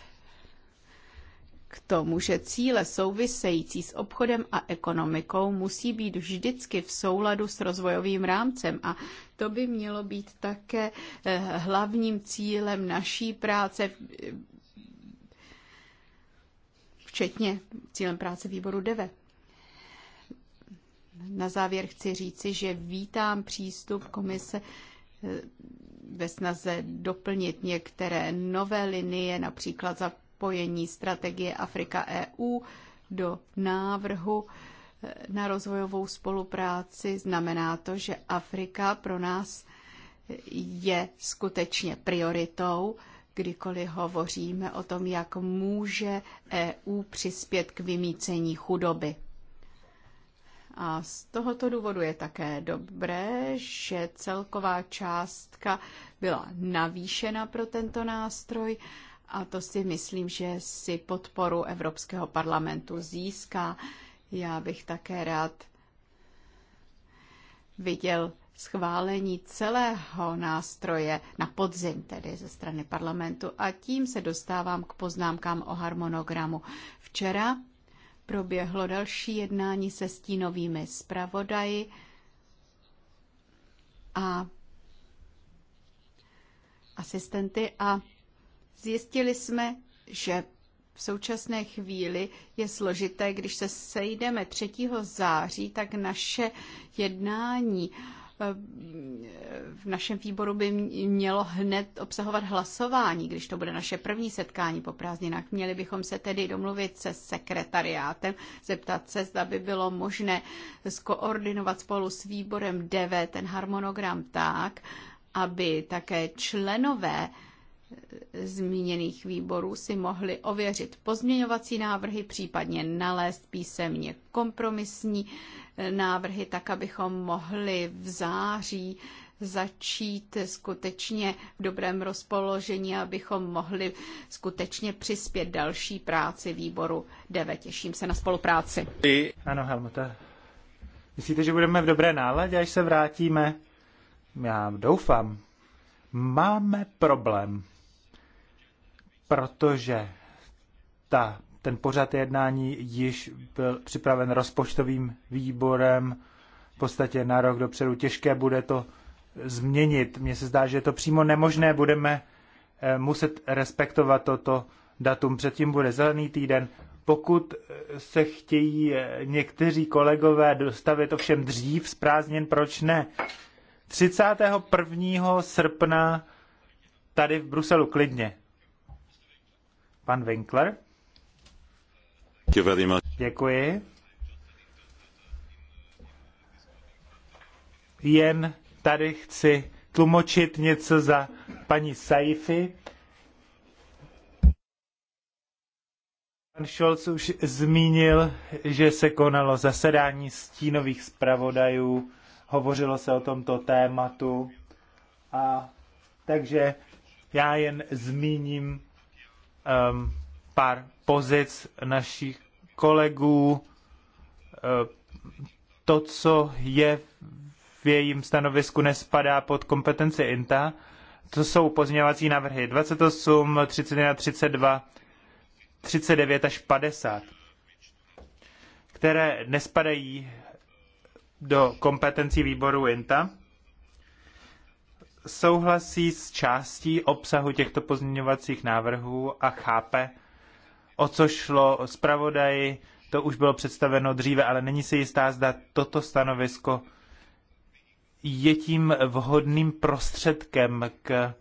k tomu, že cíle související s obchodem a ekonomikou musí být vždycky v souladu s rozvojovým rámcem a to by mělo být také eh, hlavním cílem naší práce, eh, včetně cílem práce výboru DEVE. Na závěr chci říci, že vítám přístup komise eh, ve snaze doplnit některé nové linie, například zapojení strategie Afrika EU do návrhu eh, na rozvojovou spolupráci. Znamená to, že Afrika pro nás je skutečně prioritou, kdykoliv hovoříme o tom, jak může EU přispět k vymícení chudoby. A z tohoto důvodu je také dobré, že celková částka byla navýšena pro tento nástroj a to si myslím, že si podporu Evropského parlamentu získá. Já bych také rád viděl schválení celého nástroje na podzim, tedy ze strany parlamentu. A tím se dostávám k poznámkám o harmonogramu. Včera proběhlo další jednání se stínovými zpravodaji a asistenty a zjistili jsme, že v současné chvíli je složité, když se sejdeme 3. září, tak naše jednání v našem výboru by mělo hned obsahovat hlasování, když to bude naše první setkání po prázdninách. Měli bychom se tedy domluvit se sekretariátem, zeptat se, zda by bylo možné skoordinovat spolu s výborem DV ten harmonogram tak, aby také členové zmíněných výborů si mohli ověřit pozměňovací návrhy, případně nalézt písemně kompromisní návrhy, tak abychom mohli v září začít skutečně v dobrém rozpoložení, abychom mohli skutečně přispět další práci výboru 9. Těším se na spolupráci. Ano, Helmuta. Myslíte, že budeme v dobré náladě, až se vrátíme? Já doufám. Máme problém, protože ta ten pořad jednání již byl připraven rozpočtovým výborem v podstatě na rok dopředu. Těžké bude to změnit. Mně se zdá, že je to přímo nemožné. Budeme eh, muset respektovat toto datum. Předtím bude zelený týden. Pokud eh, se chtějí eh, někteří kolegové dostavit ovšem dřív z prázdnin, proč ne? 31. srpna tady v Bruselu klidně. Pan Winkler. Děkuji. Jen tady chci tlumočit něco za paní Saifi. Pan Scholz už zmínil, že se konalo zasedání stínových zpravodajů, hovořilo se o tomto tématu. A takže já jen zmíním um, pár pozic našich kolegů eh, to, co je v jejím stanovisku, nespadá pod kompetenci INTA. To jsou pozměňovací návrhy 28, 31, 32, 39 až 50, které nespadají do kompetencí výboru INTA. Souhlasí s částí obsahu těchto pozměňovacích návrhů a chápe, o co šlo zpravodaji, to už bylo představeno dříve, ale není si jistá, zda toto stanovisko je tím vhodným prostředkem k e,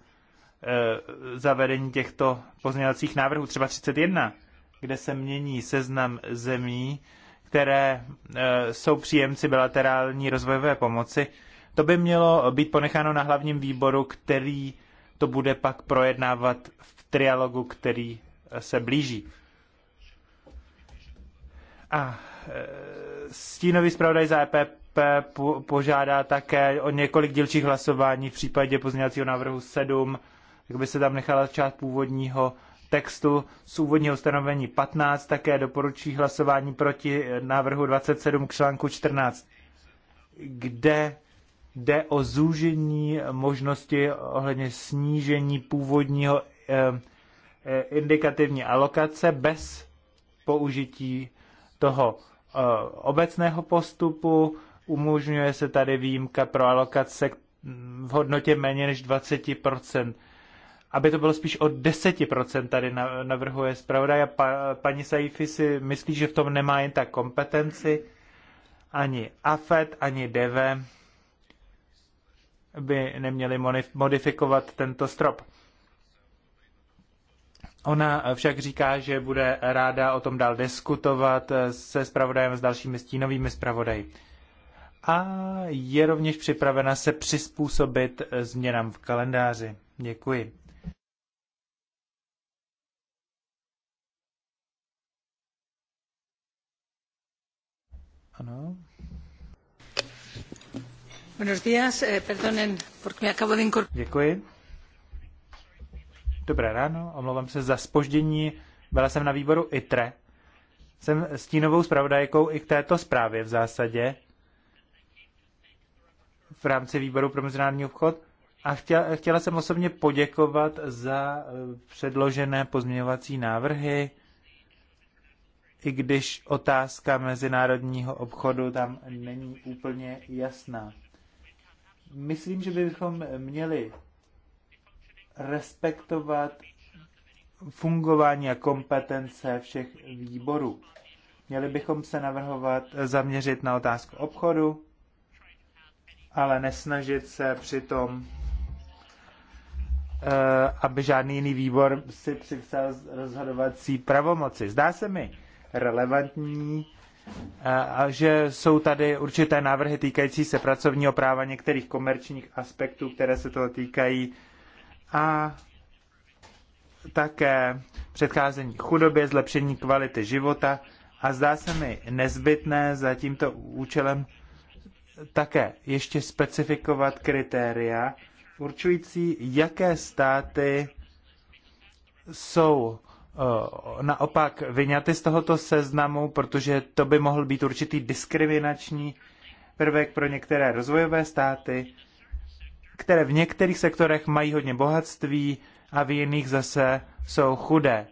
zavedení těchto pozměňovacích návrhů, třeba 31, kde se mění seznam zemí, které e, jsou příjemci bilaterální rozvojové pomoci. To by mělo být ponecháno na hlavním výboru, který to bude pak projednávat v trialogu, který e, se blíží. A e, stínový zpravodaj za EPP požádá také o několik dílčích hlasování v případě pozměňovacího návrhu 7, jak by se tam nechala část původního textu z úvodního stanovení 15, také doporučí hlasování proti návrhu 27 k článku 14, kde jde o zúžení možnosti ohledně snížení původního e, e, indikativní alokace bez použití toho eh, obecného postupu, umožňuje se tady výjimka pro alokace v hodnotě méně než 20%. Aby to bylo spíš o 10% tady navrhuje zpravodaj a pa, paní Saifi si myslí, že v tom nemá jen tak kompetenci. Ani AFET, ani DEVE by neměli modifikovat tento strop. Ona však říká, že bude ráda o tom dál diskutovat se zpravodajem s dalšími stínovými zpravodaji. A je rovněž připravena se přizpůsobit změnám v kalendáři. Děkuji. Ano. Buenos días, eh, perdonen, porque me acabo de incorporar. Děkuji. Dobré ráno, omlouvám se za spoždění. Byla jsem na výboru ITRE. Jsem stínovou zpravodajkou i k této zprávě v zásadě v rámci výboru pro mezinárodní obchod a chtěla, chtěla jsem osobně poděkovat za eh, předložené pozměňovací návrhy, i když otázka mezinárodního obchodu tam není úplně jasná. Myslím, že bychom měli respektovat fungování a kompetence všech výborů. Měli bychom se navrhovat zaměřit na otázku obchodu, ale nesnažit se přitom, eh, aby žádný jiný výbor si připsal rozhodovací pravomoci. Zdá se mi relevantní, eh, a že jsou tady určité návrhy týkající se pracovního práva některých komerčních aspektů, které se toho týkají a také předcházení chudobě, zlepšení kvality života a zdá se mi nezbytné za tímto účelem také ještě specifikovat kritéria určující, jaké státy jsou eh, naopak vyňaty z tohoto seznamu, protože to by mohl být určitý diskriminační prvek pro některé rozvojové státy, které v některých sektorech mají hodně bohatství a v jiných zase jsou chudé.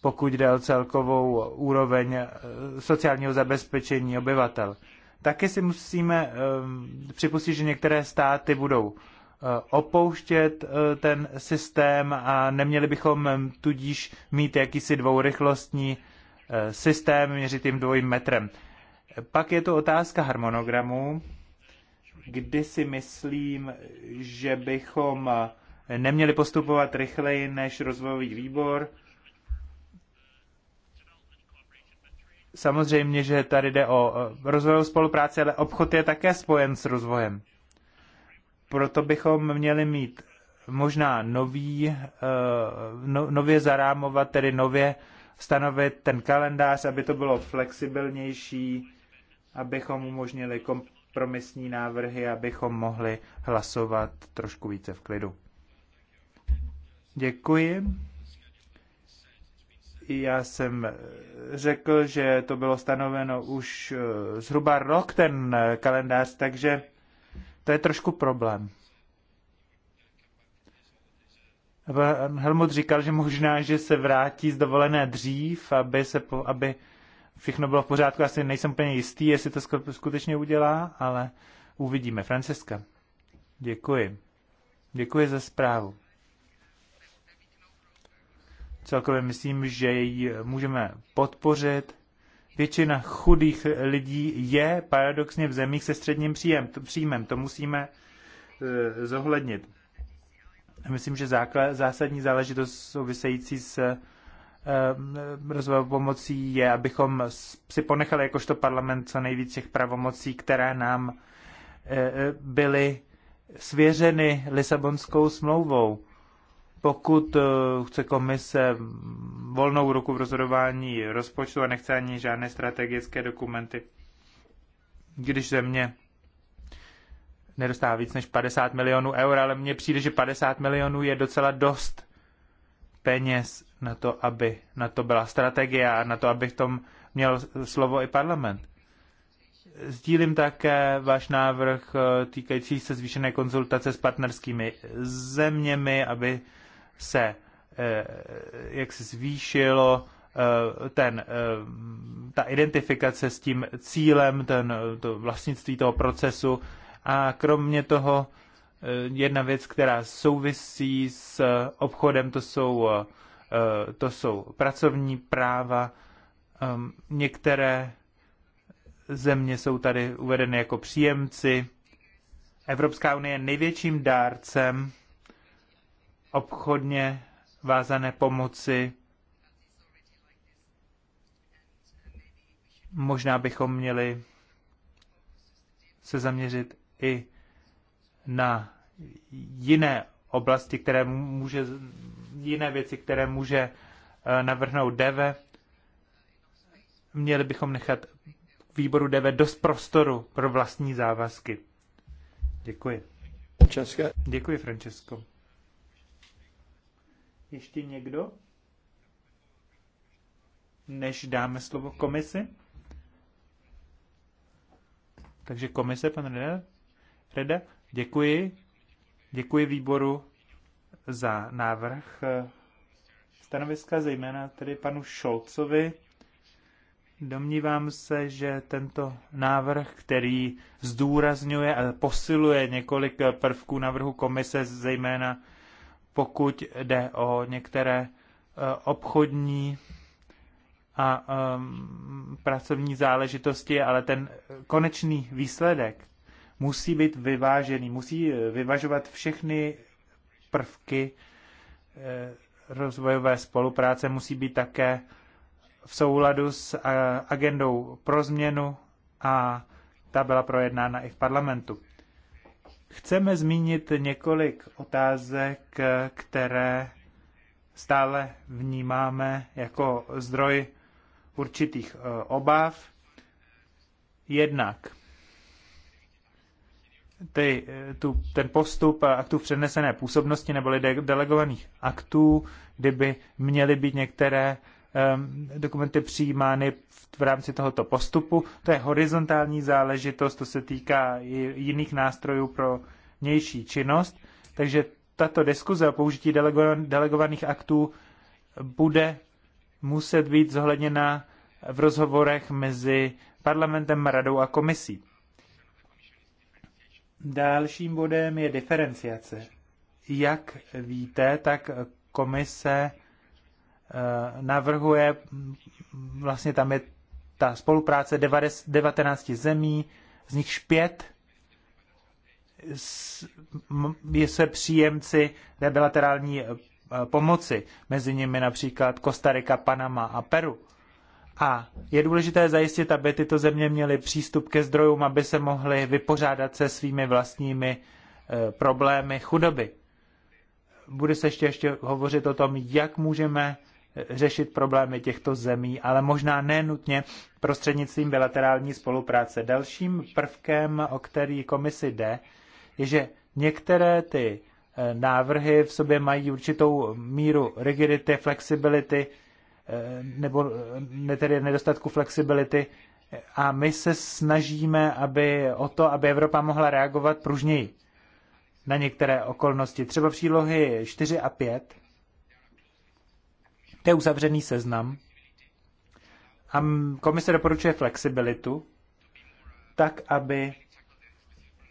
Pokud jde o celkovou úroveň eh, sociálního zabezpečení obyvatel. Taky si musíme eh, připustit, že některé státy budou eh, opouštět ten systém a neměli bychom tudíž mít jakýsi dvourychlostní systém měřitým dvojím metrem. Pak je tu otázka harmonogramu kdy si myslím, že bychom neměli postupovat rychleji než rozvojový výbor. Samozřejmě, že tady jde o rozvojovou spolupráci, ale obchod je také spojen s rozvojem. Proto bychom měli mít možná nový, eh, no, nově zarámovat, tedy nově stanovit ten kalendář, aby to bylo flexibilnější, abychom umožnili komp- kompromisní návrhy, abychom mohli hlasovat trošku více v klidu. Děkuji. Já jsem řekl, že to bylo stanoveno už eh, zhruba rok, ten eh, kalendář, takže to je trošku problém. Helmut říkal, že možná, že se vrátí z dovolené dřív, aby, se, aby všechno bylo v pořádku, asi nejsem úplně jistý, jestli to skutečně udělá, ale uvidíme. Franceska, děkuji. Děkuji za zprávu. Celkově myslím, že ji můžeme podpořit. Většina chudých lidí je paradoxně v zemích se středním příjem, příjmem. To musíme e, zohlednit. Myslím, že základ, zásadní záležitost související s Ehm, rozvojovou pomocí je, abychom si ponechali jakožto parlament co nejvíc těch pravomocí, které nám e, e, byly svěřeny Lisabonskou smlouvou. Pokud e, chce komise volnou ruku v rozhodování rozpočtu a nechce ani žádné strategické dokumenty, když země nedostává víc než 50 milionů eur, ale mně přijde, že 50 milionů je docela dost peněz na to, aby na to byla strategie a na to, abych tom měl slovo i parlament. Sdílím také váš návrh eh, týkající se zvýšené konzultace s partnerskými zeměmi, aby se eh, jak se zvýšilo eh, ten, ta identifikace s tím cílem, ten, to vlastnictví toho procesu. A kromě toho jedna věc, která souvisí s obchodem, to jsou Eh, to jsou pracovní práva. Některé země jsou tady uvedeny jako příjemci. Evropská unie je největším dárcem obchodně vázané pomoci. Možná bychom měli se zaměřit i na jiné oblasti, které může, jiné věci, které může eh, navrhnout DEVE. Měli bychom nechat výboru DEVE dost prostoru pro vlastní závazky. Děkuji. Francesca. Děkuji, Francesco. Ještě někdo? Než dáme slovo komisi? Takže komise, pan Reda? Reda, děkuji. Děkuji výboru za návrh eh, stanoviska, zejména tedy panu Šolcovi. Domnívám se, že tento návrh, který zdůrazňuje a posiluje několik prvků návrhu komise, zejména pokud jde o některé eh, obchodní a ehm, pracovní záležitosti, ale ten konečný výsledek musí být vyvážený, musí eh, vyvažovat všechny prvky eh, rozvojové spolupráce, musí být také v souladu s eh, agendou pro změnu a ta byla projednána i v parlamentu. Chceme zmínit několik otázek, které stále vnímáme jako zdroj určitých obav. Jednak ty, tu, ten postup aktů přednesené působnosti nebo de- delegovaných aktů, kdyby měly být některé um, dokumenty přijímány v, v rámci tohoto postupu. To je horizontální záležitost, to se týká i jiných nástrojů pro vnější činnost, takže tato diskuze o použití delego- delegovaných aktů bude muset být zohledněna v rozhovorech mezi parlamentem, radou a komisí. Dalším bodem je diferenciace. Jak víte, tak komise eh, navrhuje, vlastně tam je ta spolupráce 19 zemí, z nichž pět je se příjemci té bilaterální eh, pomoci, mezi nimi například Kostarika, Panama a Peru. A je důležité zajistit, aby tyto země měly přístup ke zdrojům, aby se mohly vypořádat se svými vlastními e, problémy chudoby. Bude se ještě, ještě hovořit o tom, jak můžeme e, řešit problémy těchto zemí, ale možná nenutně prostřednictvím bilaterální spolupráce. Dalším prvkem, o který komisi jde, je, že některé ty e, návrhy v sobě mají určitou míru rigidity, flexibility, Eh, nebo eh, ne tedy nedostatku flexibility. Eh, a my se snažíme aby, o to, aby Evropa mohla reagovat pružněji na některé okolnosti. Třeba přílohy 4 a 5, to je uzavřený seznam. A komise doporučuje flexibilitu, tak, aby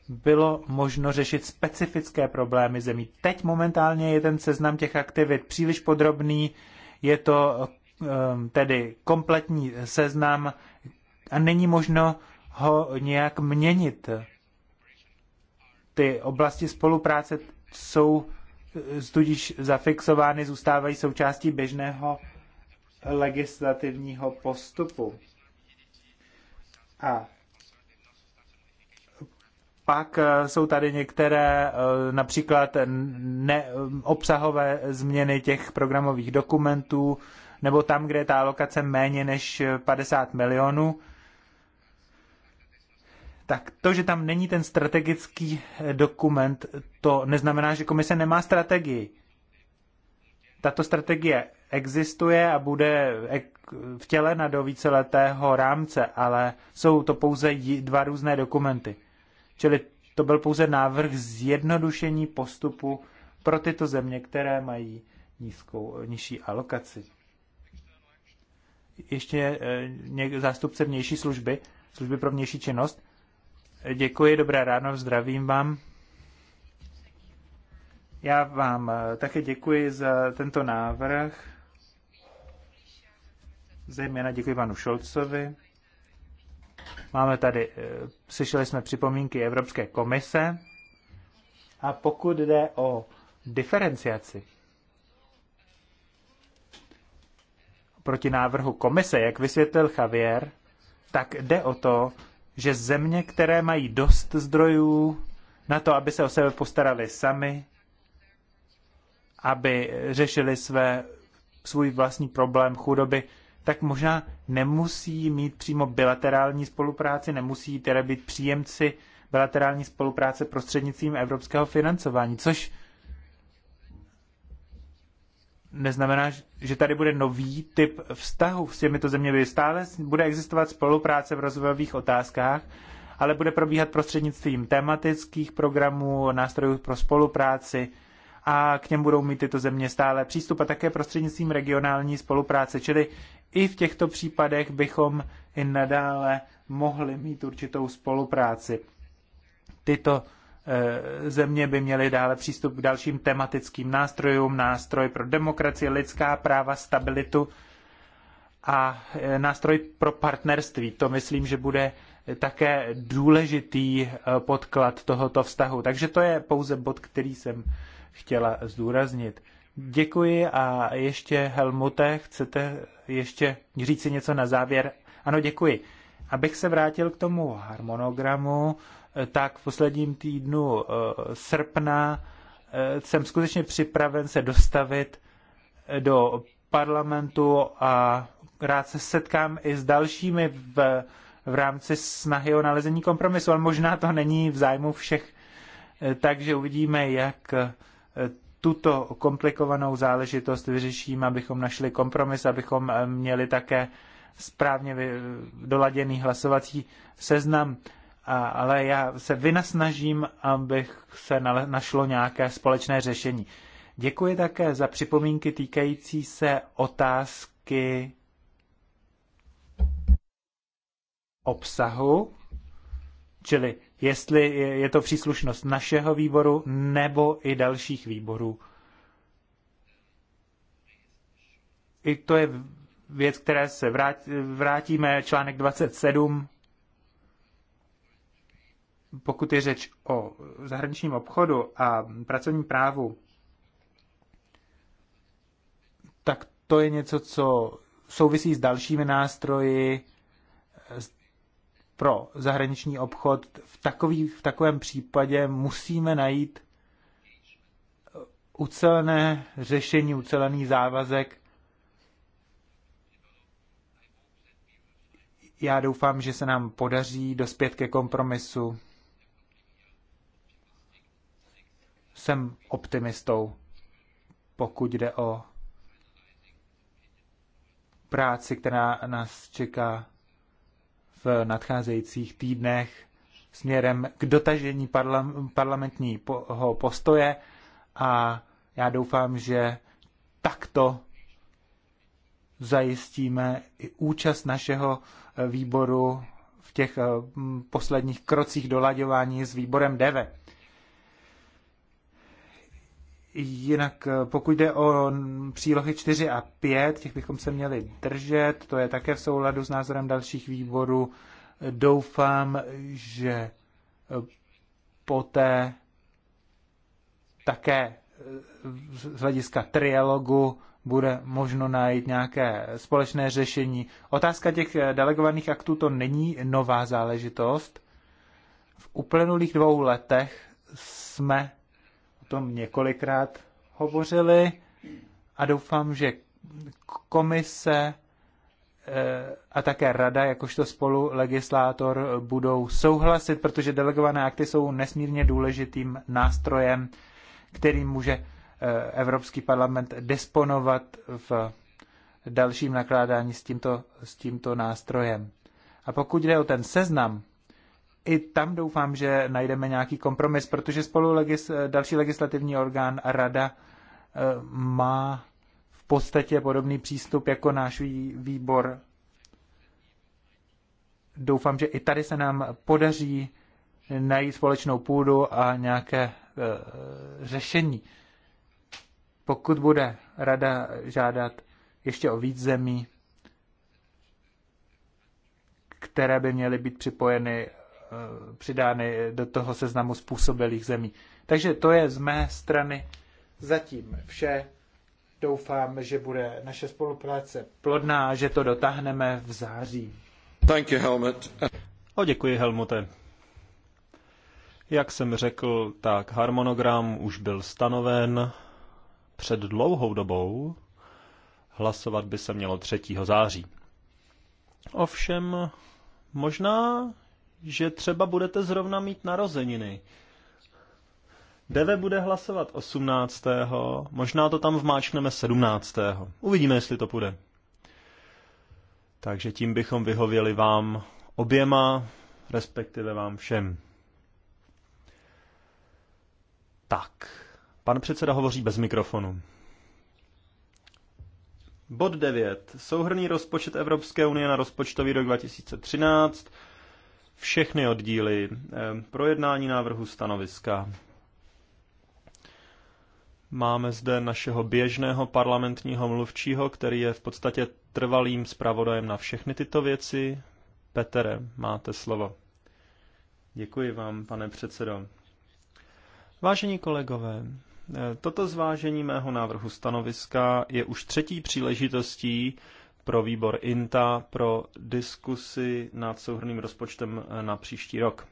bylo možno řešit specifické problémy zemí. Teď momentálně je ten seznam těch aktivit příliš podrobný, je to Ehm, tedy kompletní seznam a není možno ho nějak měnit. Ty oblasti spolupráce jsou e, tudíž zafixovány, zůstávají součástí běžného legislativního postupu. A pak e, jsou tady některé e, například neobsahové změny těch programových dokumentů, nebo tam, kde je ta alokace méně než 50 milionů, tak to, že tam není ten strategický dokument, to neznamená, že komise nemá strategii. Tato strategie existuje a bude vtělena do víceletého rámce, ale jsou to pouze dva různé dokumenty. Čili to byl pouze návrh zjednodušení postupu pro tyto země, které mají nízkou, nižší alokaci ještě eh, zástupce vnější služby, služby pro vnější činnost. Děkuji, dobré ráno, zdravím vám. Já vám eh, také děkuji za tento návrh. Zejména děkuji panu Šolcovi. Máme tady, eh, slyšeli jsme připomínky Evropské komise. A pokud jde o diferenciaci, proti návrhu komise, jak vysvětlil Javier, tak jde o to, že země, které mají dost zdrojů na to, aby se o sebe postarali sami, aby řešili své, svůj vlastní problém chudoby, tak možná nemusí mít přímo bilaterální spolupráci, nemusí tedy být příjemci bilaterální spolupráce prostřednictvím evropského financování, což neznamená, že tady bude nový typ vztahu s těmito zeměmi. Stále bude existovat spolupráce v rozvojových otázkách, ale bude probíhat prostřednictvím tematických programů, nástrojů pro spolupráci a k něm budou mít tyto země stále přístup a také prostřednictvím regionální spolupráce. Čili i v těchto případech bychom i nadále mohli mít určitou spolupráci. Tyto Eh, země by měly dále přístup k dalším tematickým nástrojům, nástroj pro demokracii, lidská práva, stabilitu a eh, nástroj pro partnerství. To myslím, že bude také důležitý eh, podklad tohoto vztahu. Takže to je pouze bod, který jsem chtěla zdůraznit. Děkuji a ještě Helmute, chcete ještě říct si něco na závěr? Ano, děkuji. Abych se vrátil k tomu harmonogramu, tak v posledním týdnu eh, srpna eh, jsem skutečně připraven se dostavit eh, do parlamentu a rád se setkám i s dalšími v, v rámci snahy o nalezení kompromisu, ale možná to není v zájmu všech, takže uvidíme, jak tuto komplikovanou záležitost vyřeším, abychom našli kompromis, abychom měli také správně doladěný hlasovací seznam. A, ale já se vynasnažím, abych se na, našlo nějaké společné řešení. Děkuji také za připomínky týkající se otázky obsahu, čili jestli je to příslušnost našeho výboru nebo i dalších výborů. I to je věc, které se vrátíme, článek 27 pokud je řeč o zahraničním obchodu a pracovním právu, tak to je něco, co souvisí s dalšími nástroji pro zahraniční obchod. V, takový, v takovém případě musíme najít ucelené řešení, ucelený závazek. Já doufám, že se nám podaří dospět ke kompromisu. jsem optimistou, pokud jde o práci, která nás čeká v nadcházejících týdnech směrem k dotažení parlamentního postoje a já doufám, že takto zajistíme i účast našeho výboru v těch eh, posledních krocích dolaďování s výborem 9. Jinak eh, pokud jde o přílohy 4 a 5, těch bychom se měli držet, to je také v souladu s názorem dalších výborů. Doufám, že eh, poté také eh, z hlediska trialogu bude možno najít nějaké společné řešení. Otázka těch delegovaných aktů to není nová záležitost. V uplynulých dvou letech jsme tom několikrát hovořili a doufám, že komise eh, a také rada, jakožto spolu legislátor, budou souhlasit, protože delegované akty jsou nesmírně důležitým nástrojem, kterým může eh, Evropský parlament disponovat v dalším nakládání s tímto, s tímto nástrojem. A pokud jde o ten seznam, i tam doufám, že najdeme nějaký kompromis, protože spolu legis, další legislativní orgán a rada eh, má v podstatě podobný přístup jako náš výbor. Doufám, že i tady se nám podaří najít společnou půdu a nějaké eh, řešení. Pokud bude rada žádat ještě o víc zemí, které by měly být připojeny Eh, přidány do toho seznamu způsobilých zemí. Takže to je z mé strany zatím vše. Doufám, že bude naše spolupráce plodná a že to dotáhneme v září. Thank you, Helmut. O, děkuji, Helmute. Jak jsem řekl, tak harmonogram už byl stanoven před dlouhou dobou. Hlasovat by se mělo 3. září. Ovšem, možná že třeba budete zrovna mít narozeniny. Deve bude hlasovat 18. Možná to tam vmáčkneme 17. Uvidíme, jestli to půjde. Takže tím bychom vyhověli vám oběma, respektive vám všem. Tak, pan předseda hovoří bez mikrofonu. Bod 9. Souhrný rozpočet Evropské unie na rozpočtový rok 2013 všechny oddíly, eh, projednání návrhu stanoviska. Máme zde našeho běžného parlamentního mluvčího, který je v podstatě trvalým zpravodajem na všechny tyto věci. Petere, máte slovo. Děkuji vám, pane předsedo. Vážení kolegové, eh, toto zvážení mého návrhu stanoviska je už třetí příležitostí, pro výbor INTA pro diskusy nad souhrným rozpočtem eh, na příští rok.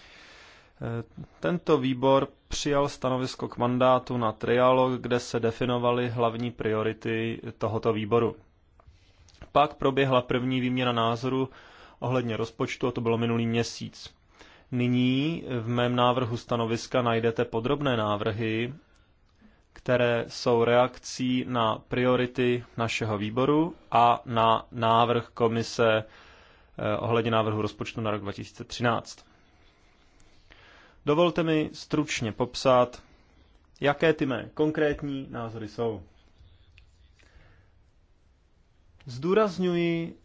Eh, tento výbor přijal stanovisko k mandátu na trialog, kde se definovaly hlavní priority tohoto výboru. Pak proběhla první výměna názoru ohledně rozpočtu, a to bylo minulý měsíc. Nyní v mém návrhu stanoviska najdete podrobné návrhy které jsou reakcí na priority našeho výboru a na návrh komise eh, ohledně návrhu rozpočtu na rok 2013. Dovolte mi stručně popsat, jaké ty mé konkrétní názory jsou. Zdůrazňuji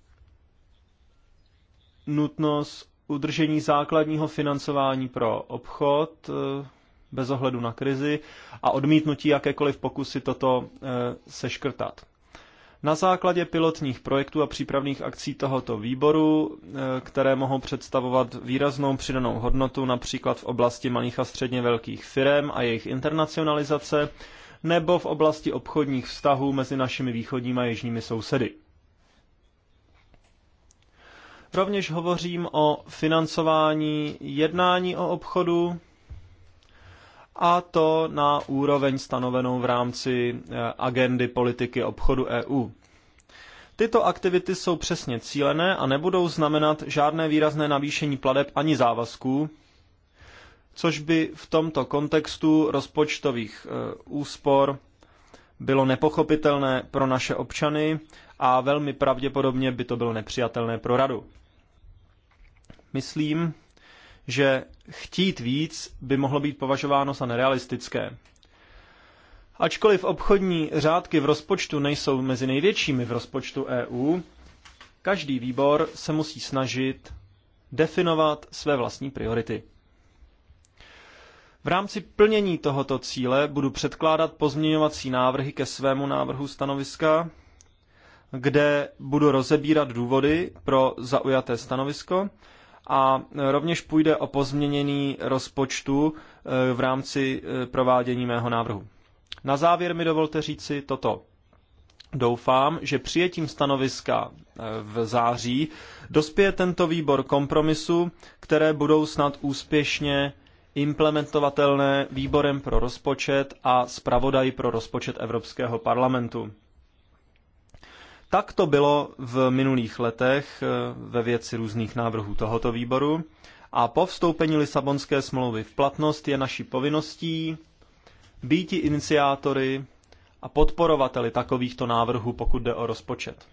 nutnost udržení základního financování pro obchod eh, bez ohledu na krizi a odmítnutí jakékoliv pokusy toto e, seškrtat. Na základě pilotních projektů a přípravných akcí tohoto výboru, e, které mohou představovat výraznou přidanou hodnotu například v oblasti malých a středně velkých firm a jejich internacionalizace, nebo v oblasti obchodních vztahů mezi našimi východními a jižními sousedy. Rovněž hovořím o financování jednání o obchodu, a to na úroveň stanovenou v rámci eh, agendy politiky obchodu EU. Tyto aktivity jsou přesně cílené a nebudou znamenat žádné výrazné navýšení pladeb ani závazků, což by v tomto kontextu rozpočtových eh, úspor bylo nepochopitelné pro naše občany a velmi pravděpodobně by to bylo nepřijatelné pro radu. Myslím, že chtít víc by mohlo být považováno za nerealistické. Ačkoliv obchodní řádky v rozpočtu nejsou mezi největšími v rozpočtu EU, každý výbor se musí snažit definovat své vlastní priority. V rámci plnění tohoto cíle budu předkládat pozměňovací návrhy ke svému návrhu stanoviska, kde budu rozebírat důvody pro zaujaté stanovisko a rovněž půjde o pozměnění rozpočtu eh, v rámci eh, provádění mého návrhu. Na závěr mi dovolte říci toto. Doufám, že přijetím stanoviska eh, v září dospěje tento výbor kompromisu, které budou snad úspěšně implementovatelné výborem pro rozpočet a zpravodaj pro rozpočet Evropského parlamentu. Tak to bylo v minulých letech eh, ve věci různých návrhů tohoto výboru a po vstoupení Lisabonské smlouvy v platnost je naší povinností být iniciátory a podporovateli takovýchto návrhů, pokud jde o rozpočet.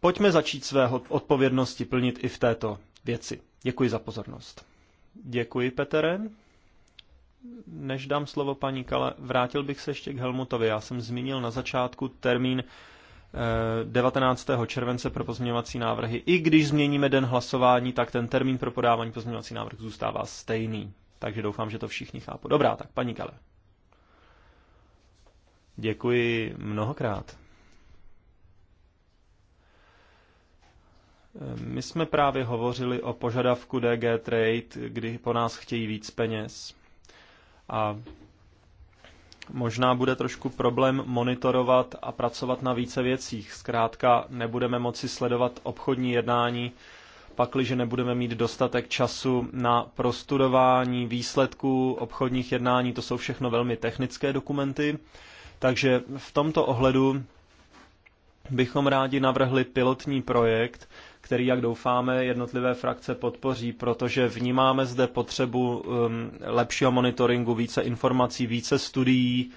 Pojďme začít své odpovědnosti plnit i v této věci. Děkuji za pozornost. Děkuji, Petere než dám slovo paní Kale, vrátil bych se ještě k Helmutovi. Já jsem zmínil na začátku termín 19. Eh, července pro pozměňovací návrhy. I když změníme den hlasování, tak ten termín pro podávání pozměňovací návrh zůstává stejný. Takže doufám, že to všichni chápu. Dobrá, tak paní Kale. Děkuji mnohokrát. My jsme právě hovořili o požadavku DG Trade, kdy po nás chtějí víc peněz. A možná bude trošku problém monitorovat a pracovat na více věcích. Zkrátka nebudeme moci sledovat obchodní jednání, pakliže nebudeme mít dostatek času na prostudování výsledků obchodních jednání. To jsou všechno velmi technické dokumenty. Takže v tomto ohledu bychom rádi navrhli pilotní projekt, který, jak doufáme, jednotlivé frakce podpoří, protože vnímáme zde potřebu um, lepšího monitoringu, více informací, více studií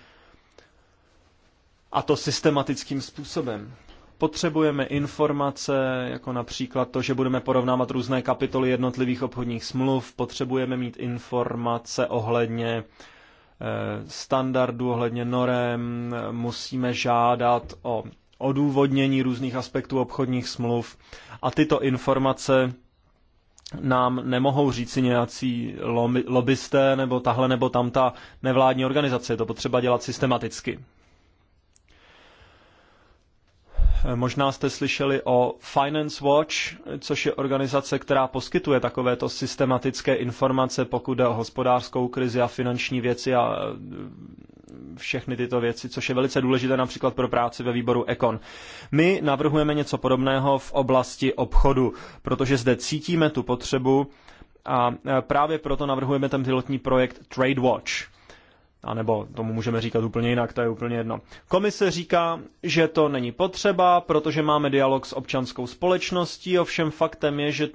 a to systematickým způsobem. Potřebujeme informace, jako například to, že budeme porovnávat různé kapitoly jednotlivých obchodních smluv, potřebujeme mít informace ohledně eh, standardů, ohledně norem, musíme žádat o odůvodnění různých aspektů obchodních smluv a tyto informace nám nemohou říci nějací lobbysté nebo tahle nebo tamta nevládní organizace. Je to potřeba dělat systematicky. Možná jste slyšeli o Finance Watch, což je organizace, která poskytuje takovéto systematické informace, pokud jde o hospodářskou krizi a finanční věci a e, všechny tyto věci, což je velice důležité například pro práci ve výboru Econ. My navrhujeme něco podobného v oblasti obchodu, protože zde cítíme tu potřebu a e, právě proto navrhujeme ten pilotní projekt Trade Watch a nebo tomu můžeme říkat úplně jinak, to je úplně jedno. Komise říká, že to není potřeba, protože máme dialog s občanskou společností, ovšem faktem je, že e,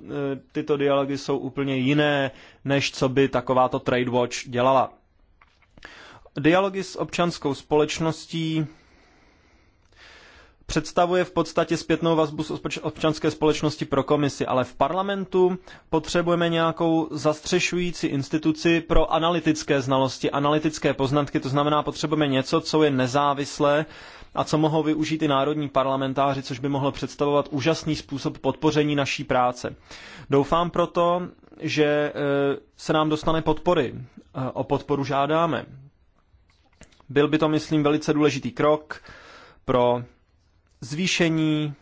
tyto dialogy jsou úplně jiné, než co by takováto Trade Watch dělala. Dialogy s občanskou společností představuje v podstatě zpětnou vazbu z občanské společnosti pro komisi, ale v parlamentu potřebujeme nějakou zastřešující instituci pro analytické znalosti, analytické poznatky, to znamená potřebujeme něco, co je nezávislé a co mohou využít i národní parlamentáři, což by mohlo představovat úžasný způsob podpoření naší práce. Doufám proto, že eh, se nám dostane podpory. Eh, o podporu žádáme. Byl by to, myslím, velice důležitý krok pro zvýšení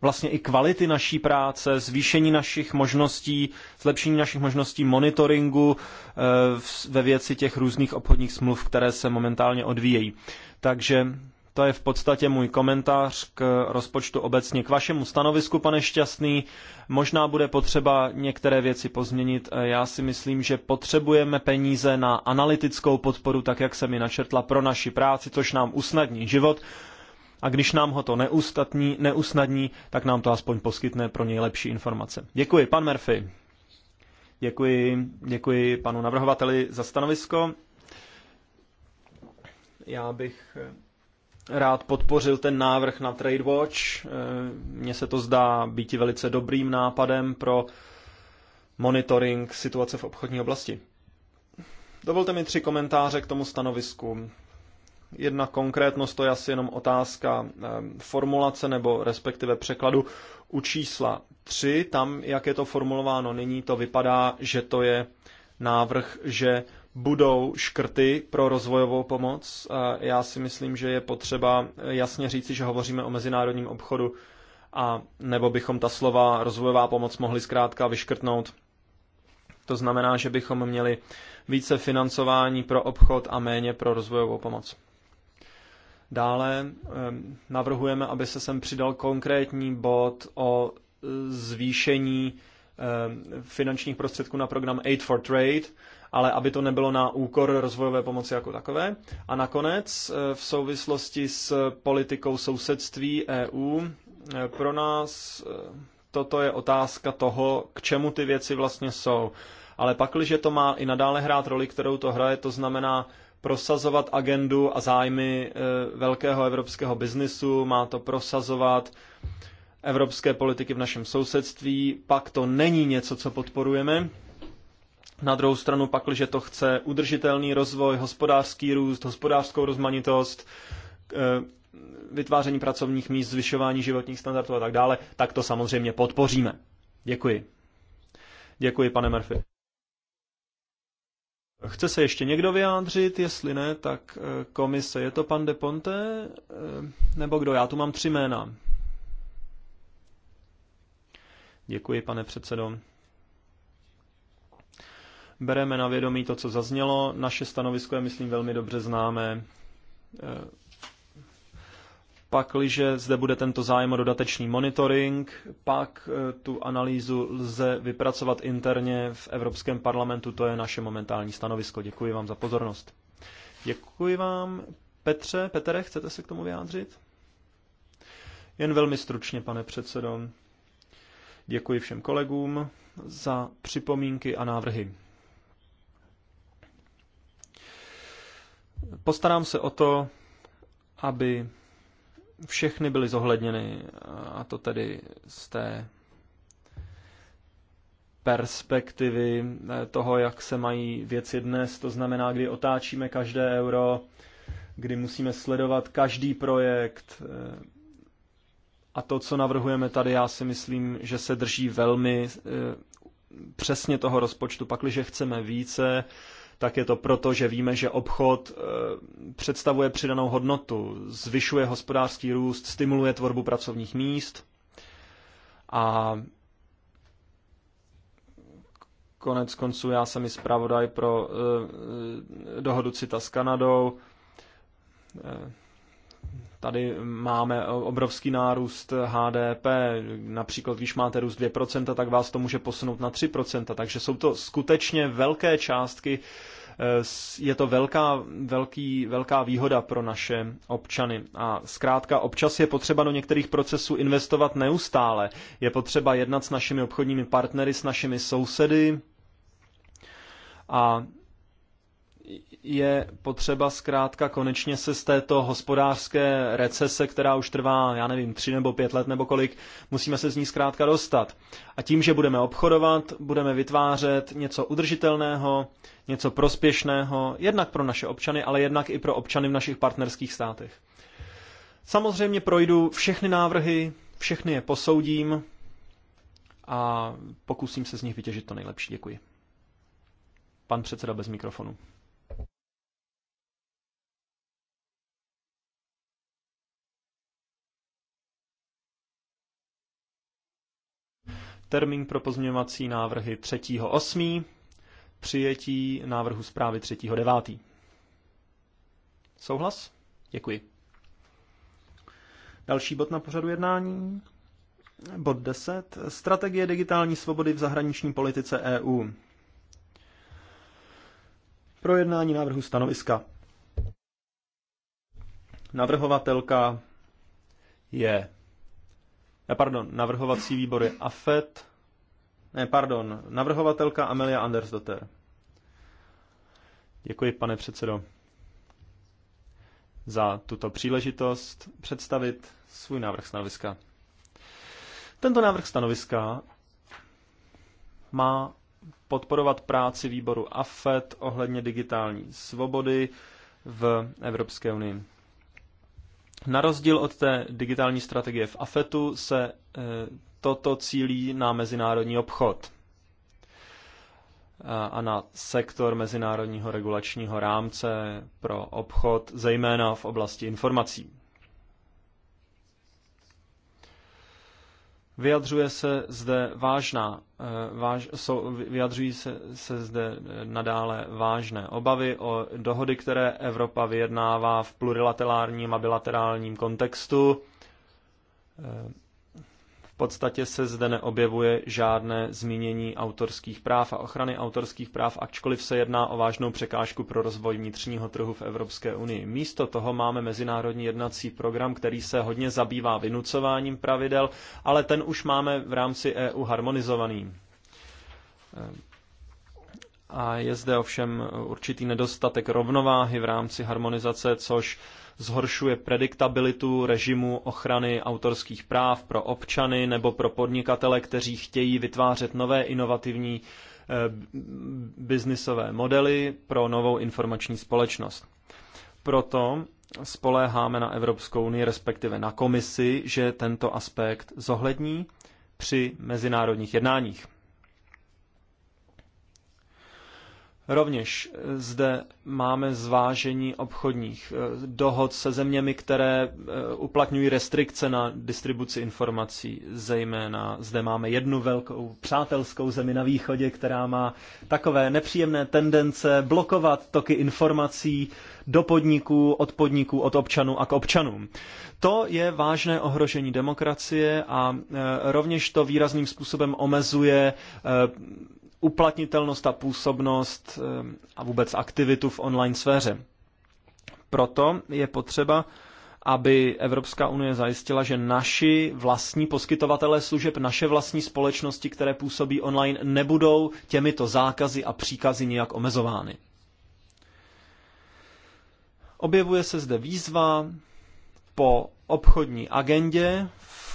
vlastně i kvality naší práce, zvýšení našich možností, zlepšení našich možností monitoringu eh, ve věci těch různých obchodních smluv, které se momentálně odvíjejí. Takže to je v podstatě můj komentář k rozpočtu obecně. K vašemu stanovisku, pane Šťastný, možná bude potřeba některé věci pozměnit. Eh, já si myslím, že potřebujeme peníze na analytickou podporu, tak jak se mi načrtla, pro naši práci, což nám usnadní život a když nám ho to neustatní, neusnadní, tak nám to aspoň poskytne pro něj lepší informace. Děkuji, pan Murphy. Děkuji, děkuji panu navrhovateli za stanovisko. Já bych eh, rád podpořil ten návrh na Trade Watch. Eh, mně se to zdá být velice dobrým nápadem pro monitoring situace v obchodní oblasti. Dovolte mi tři komentáře k tomu stanovisku. Jedna konkrétnost to je asi jenom otázka ehm, formulace nebo respektive překladu u čísla 3. Tam, jak je to formulováno nyní, to vypadá, že to je návrh, že budou škrty pro rozvojovou pomoc. Já si myslím, že je potřeba eh, jasně říci, že hovoříme o mezinárodním obchodu a nebo bychom ta slova rozvojová pomoc mohli zkrátka vyškrtnout. To znamená, že bychom měli více financování pro obchod a méně pro rozvojovou pomoc. Dále navrhujeme, aby se sem přidal konkrétní bod o e, zvýšení finančních prostředků na program Aid for Trade, ale aby to nebylo na úkor rozvojové pomoci jako takové. A nakonec e, v souvislosti s politikou sousedství EU e, pro nás toto je otázka toho, k čemu ty věci vlastně jsou. Ale pak, když to má i nadále hrát roli, kterou to hraje, to znamená prosazovat agendu a zájmy e, velkého evropského biznisu, má to prosazovat evropské politiky v našem sousedství, pak to není něco, co podporujeme. Na druhou stranu pak, že to chce udržitelný rozvoj, hospodářský růst, hospodářskou rozmanitost, e, vytváření pracovních míst, zvyšování životních standardů a tak dále, tak to samozřejmě podpoříme. Děkuji. Děkuji, pane Murphy. Chce se ještě někdo vyjádřit? Jestli ne, tak eh, komise. Je to pan de Ponte? Eh, nebo kdo? Já tu mám tři jména. Děkuji, pane předsedo. Bereme na vědomí to, co zaznělo. Naše stanovisko je, myslím, velmi dobře známé. Eh, Pakliže zde bude tento zájem o dodatečný monitoring, pak eh, tu analýzu lze vypracovat interně v Evropském parlamentu. To je naše momentální stanovisko. Děkuji vám za pozornost. Děkuji vám. Petře, Petere, chcete se k tomu vyjádřit? Jen velmi stručně, pane předsedo. Děkuji všem kolegům za připomínky a návrhy. Postarám se o to, aby všechny byly zohledněny, a to tedy z té perspektivy eh, toho, jak se mají věci dnes, to znamená, kdy otáčíme každé euro, kdy musíme sledovat každý projekt. Eh, a to, co navrhujeme tady, já si myslím, že se drží velmi eh, přesně toho rozpočtu. Pakliže chceme více, tak je to proto, že víme, že obchod eh, představuje přidanou hodnotu, zvyšuje hospodářský růst, stimuluje tvorbu pracovních míst a konec konců já jsem i zpravodaj pro eh, dohodu CITA s Kanadou. Eh, tady máme obrovský nárůst HDP, například když máte růst 2%, tak vás to může posunout na 3%, takže jsou to skutečně velké částky, Eh, je to velká, velký, velká výhoda pro naše občany. A zkrátka občas je potřeba do některých procesů investovat neustále. Je potřeba jednat s našimi obchodními partnery, s našimi sousedy a je potřeba zkrátka konečně se z této hospodářské recese, která už trvá, já nevím, tři nebo pět let nebo kolik, musíme se z ní zkrátka dostat. A tím, že budeme obchodovat, budeme vytvářet něco udržitelného, něco prospěšného, jednak pro naše občany, ale jednak i pro občany v našich partnerských státech. Samozřejmě projdu všechny návrhy, všechny je posoudím a pokusím se z nich vytěžit to nejlepší. Děkuji. Pan předseda bez mikrofonu. Termín pro pozměňovací návrhy 3.8. Přijetí návrhu zprávy 3.9. Souhlas? Děkuji. Další bod na pořadu jednání. Bod 10. Strategie digitální svobody v zahraniční politice EU. Projednání návrhu stanoviska. Navrhovatelka je Eh, pardon, navrhovací výbory AFET, ne, pardon, navrhovatelka Amelia Andersdotter. Děkuji, pane předsedo, za tuto příležitost představit svůj návrh stanoviska. Tento návrh stanoviska má podporovat práci výboru AFET ohledně digitální svobody v Evropské unii. Na rozdíl od té digitální strategie v AFETu se e, toto cílí na mezinárodní obchod a na sektor mezinárodního regulačního rámce pro obchod, zejména v oblasti informací. Vyjadřuje se zde vážná, eh, váž, jsou, vyjadřují se, se zde nadále vážné obavy o dohody, které Evropa vyjednává v plurilaterálním a bilaterálním kontextu eh, podstatě se zde neobjevuje žádné zmínění autorských práv a ochrany autorských práv, ačkoliv se jedná o vážnou překážku pro rozvoj vnitřního trhu v Evropské unii. Místo toho máme mezinárodní jednací program, který se hodně zabývá vynucováním pravidel, ale ten už máme v rámci EU harmonizovaný. A je zde ovšem určitý nedostatek rovnováhy v rámci harmonizace, což zhoršuje prediktabilitu režimu ochrany autorských práv pro občany nebo pro podnikatele, kteří chtějí vytvářet nové inovativní eh, biznisové modely pro novou informační společnost. Proto spoléháme na Evropskou unii, respektive na komisi, že tento aspekt zohlední při mezinárodních jednáních. Rovněž eh, zde máme zvážení obchodních eh, dohod se zeměmi, které eh, uplatňují restrikce na distribuci informací. Zejména zde máme jednu velkou přátelskou zemi na východě, která má takové nepříjemné tendence blokovat toky informací do podniků, od podniků, od občanů a k občanům. To je vážné ohrožení demokracie a rovněž to výrazným způsobem omezuje uplatnitelnost a působnost eh, a vůbec aktivitu v online sféře. Proto je potřeba, aby Evropská unie zajistila, že naši vlastní poskytovatelé služeb, naše vlastní společnosti, které působí online, nebudou těmito zákazy a příkazy nijak omezovány. Objevuje se zde výzva po obchodní agendě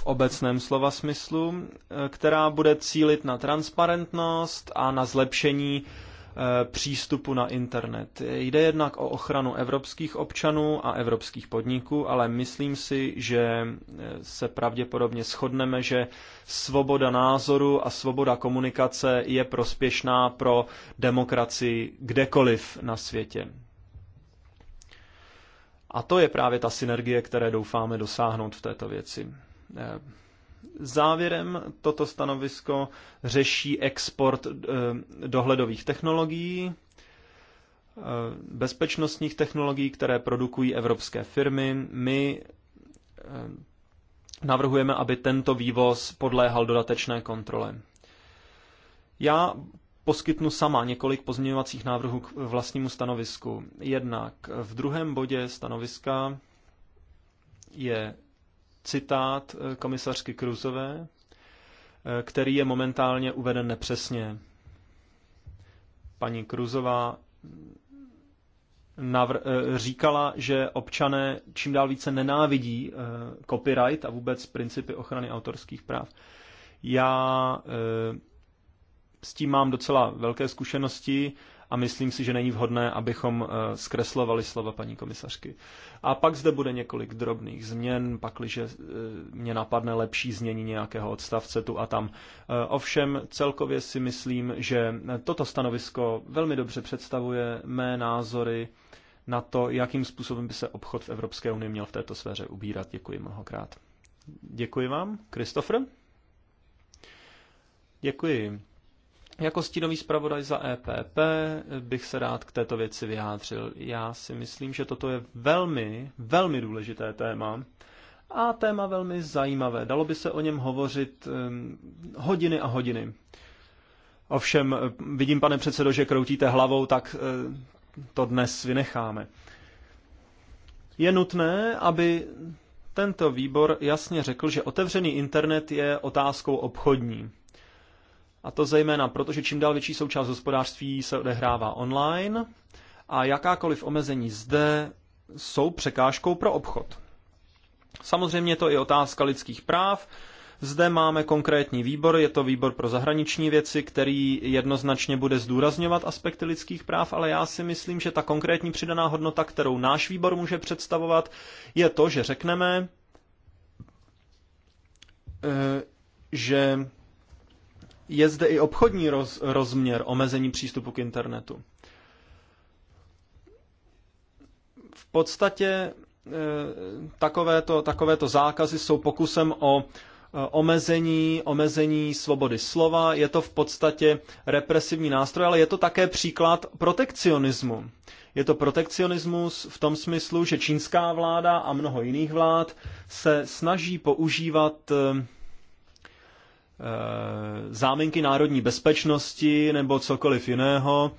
obecném slova smyslu, eh, která bude cílit na transparentnost a na zlepšení eh, přístupu na internet. Jde jednak o ochranu evropských občanů a evropských podniků, ale myslím si, že eh, se pravděpodobně shodneme, že svoboda názoru a svoboda komunikace je prospěšná pro demokracii kdekoliv na světě. A to je právě ta synergie, které doufáme dosáhnout v této věci. Eh, závěrem toto stanovisko řeší export eh, dohledových technologií, eh, bezpečnostních technologií, které produkují evropské firmy. My navrhujeme, aby tento vývoz podléhal dodatečné kontrole. Já poskytnu sama několik pozměňovacích návrhů k vlastnímu stanovisku. Jednak v druhém bodě stanoviska je citát eh, komisařky Kruzové, eh, který je momentálně uveden nepřesně. Paní Kruzová mm, eh, říkala, že občané čím dál více nenávidí copyright a vůbec principy ochrany autorských práv. Já s tím mám docela velké zkušenosti a myslím si, že není vhodné, abychom eh, zkreslovali slova paní komisařky. A pak zde bude několik drobných změn, pakliže eh, mě napadne lepší změní nějakého odstavce tu a tam. Eh, ovšem celkově si myslím, že toto stanovisko velmi dobře představuje mé názory na to, jakým způsobem by se obchod v Evropské unii měl v této sféře ubírat. Děkuji mnohokrát. Děkuji vám. Christopher? Děkuji. Jako stínový zpravodaj za EPP bych se rád k této věci vyjádřil. Já si myslím, že toto je velmi, velmi důležité téma a téma velmi zajímavé. Dalo by se o něm hovořit hodiny a hodiny. Ovšem, vidím, pane předsedo, že kroutíte hlavou, tak eh, to dnes vynecháme. Je nutné, aby tento výbor jasně řekl, že otevřený internet je otázkou obchodní. A to zejména proto, že čím dál větší součást hospodářství se odehrává online a jakákoliv omezení zde jsou překážkou pro obchod. Samozřejmě je to i otázka lidských práv. Zde máme konkrétní výbor, je to výbor pro zahraniční věci, který jednoznačně bude zdůrazňovat aspekty lidských práv, ale já si myslím, že ta konkrétní přidaná hodnota, kterou náš výbor může představovat, je to, že řekneme, eh, že je zde i obchodní roz, rozměr omezení přístupu k internetu. V podstatě e, takovéto, takovéto zákazy jsou pokusem o e, omezení, omezení svobody slova. Je to v podstatě represivní nástroj, ale je to také příklad protekcionismu. Je to protekcionismus v tom smyslu, že čínská vláda a mnoho jiných vlád se snaží používat e, Eh, záminky národní bezpečnosti nebo cokoliv jiného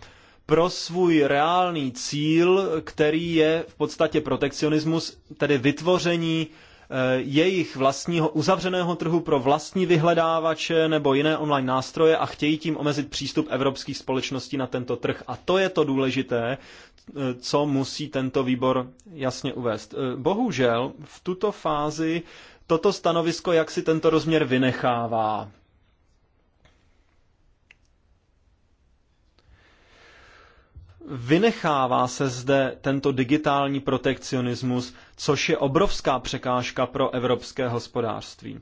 pro svůj reálný cíl, který je v podstatě protekcionismus, tedy vytvoření eh, jejich vlastního uzavřeného trhu pro vlastní vyhledávače nebo jiné online nástroje a chtějí tím omezit přístup evropských společností na tento trh. A to je to důležité, eh, co musí tento výbor jasně uvést. Bohužel v tuto fázi toto stanovisko jak si tento rozměr vynechává. Vynechává se zde tento digitální protekcionismus, což je obrovská překážka pro evropské hospodářství.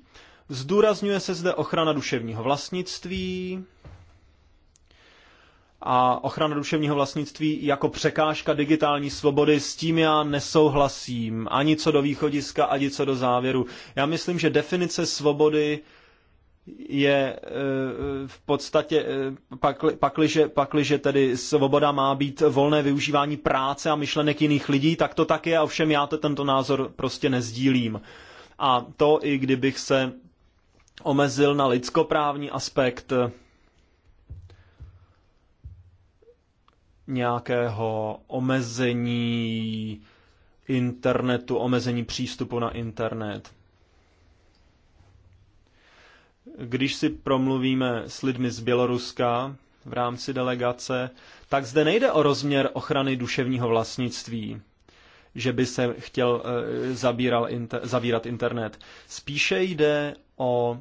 Zdůrazňuje se zde ochrana duševního vlastnictví, a ochrana duševního vlastnictví jako překážka digitální svobody, s tím já nesouhlasím. Ani co do východiska, ani co do závěru. Já myslím, že definice svobody je e, v podstatě, e, pakli, pakliže, pakliže tedy svoboda má být volné využívání práce a myšlenek jiných lidí, tak to tak je, ovšem já to, tento názor prostě nezdílím. A to i kdybych se omezil na lidskoprávní aspekt nějakého omezení internetu, omezení přístupu na internet. Když si promluvíme s lidmi z Běloruska v rámci delegace, tak zde nejde o rozměr ochrany duševního vlastnictví, že by se chtěl eh, zabíral, zavírat internet. Spíše jde o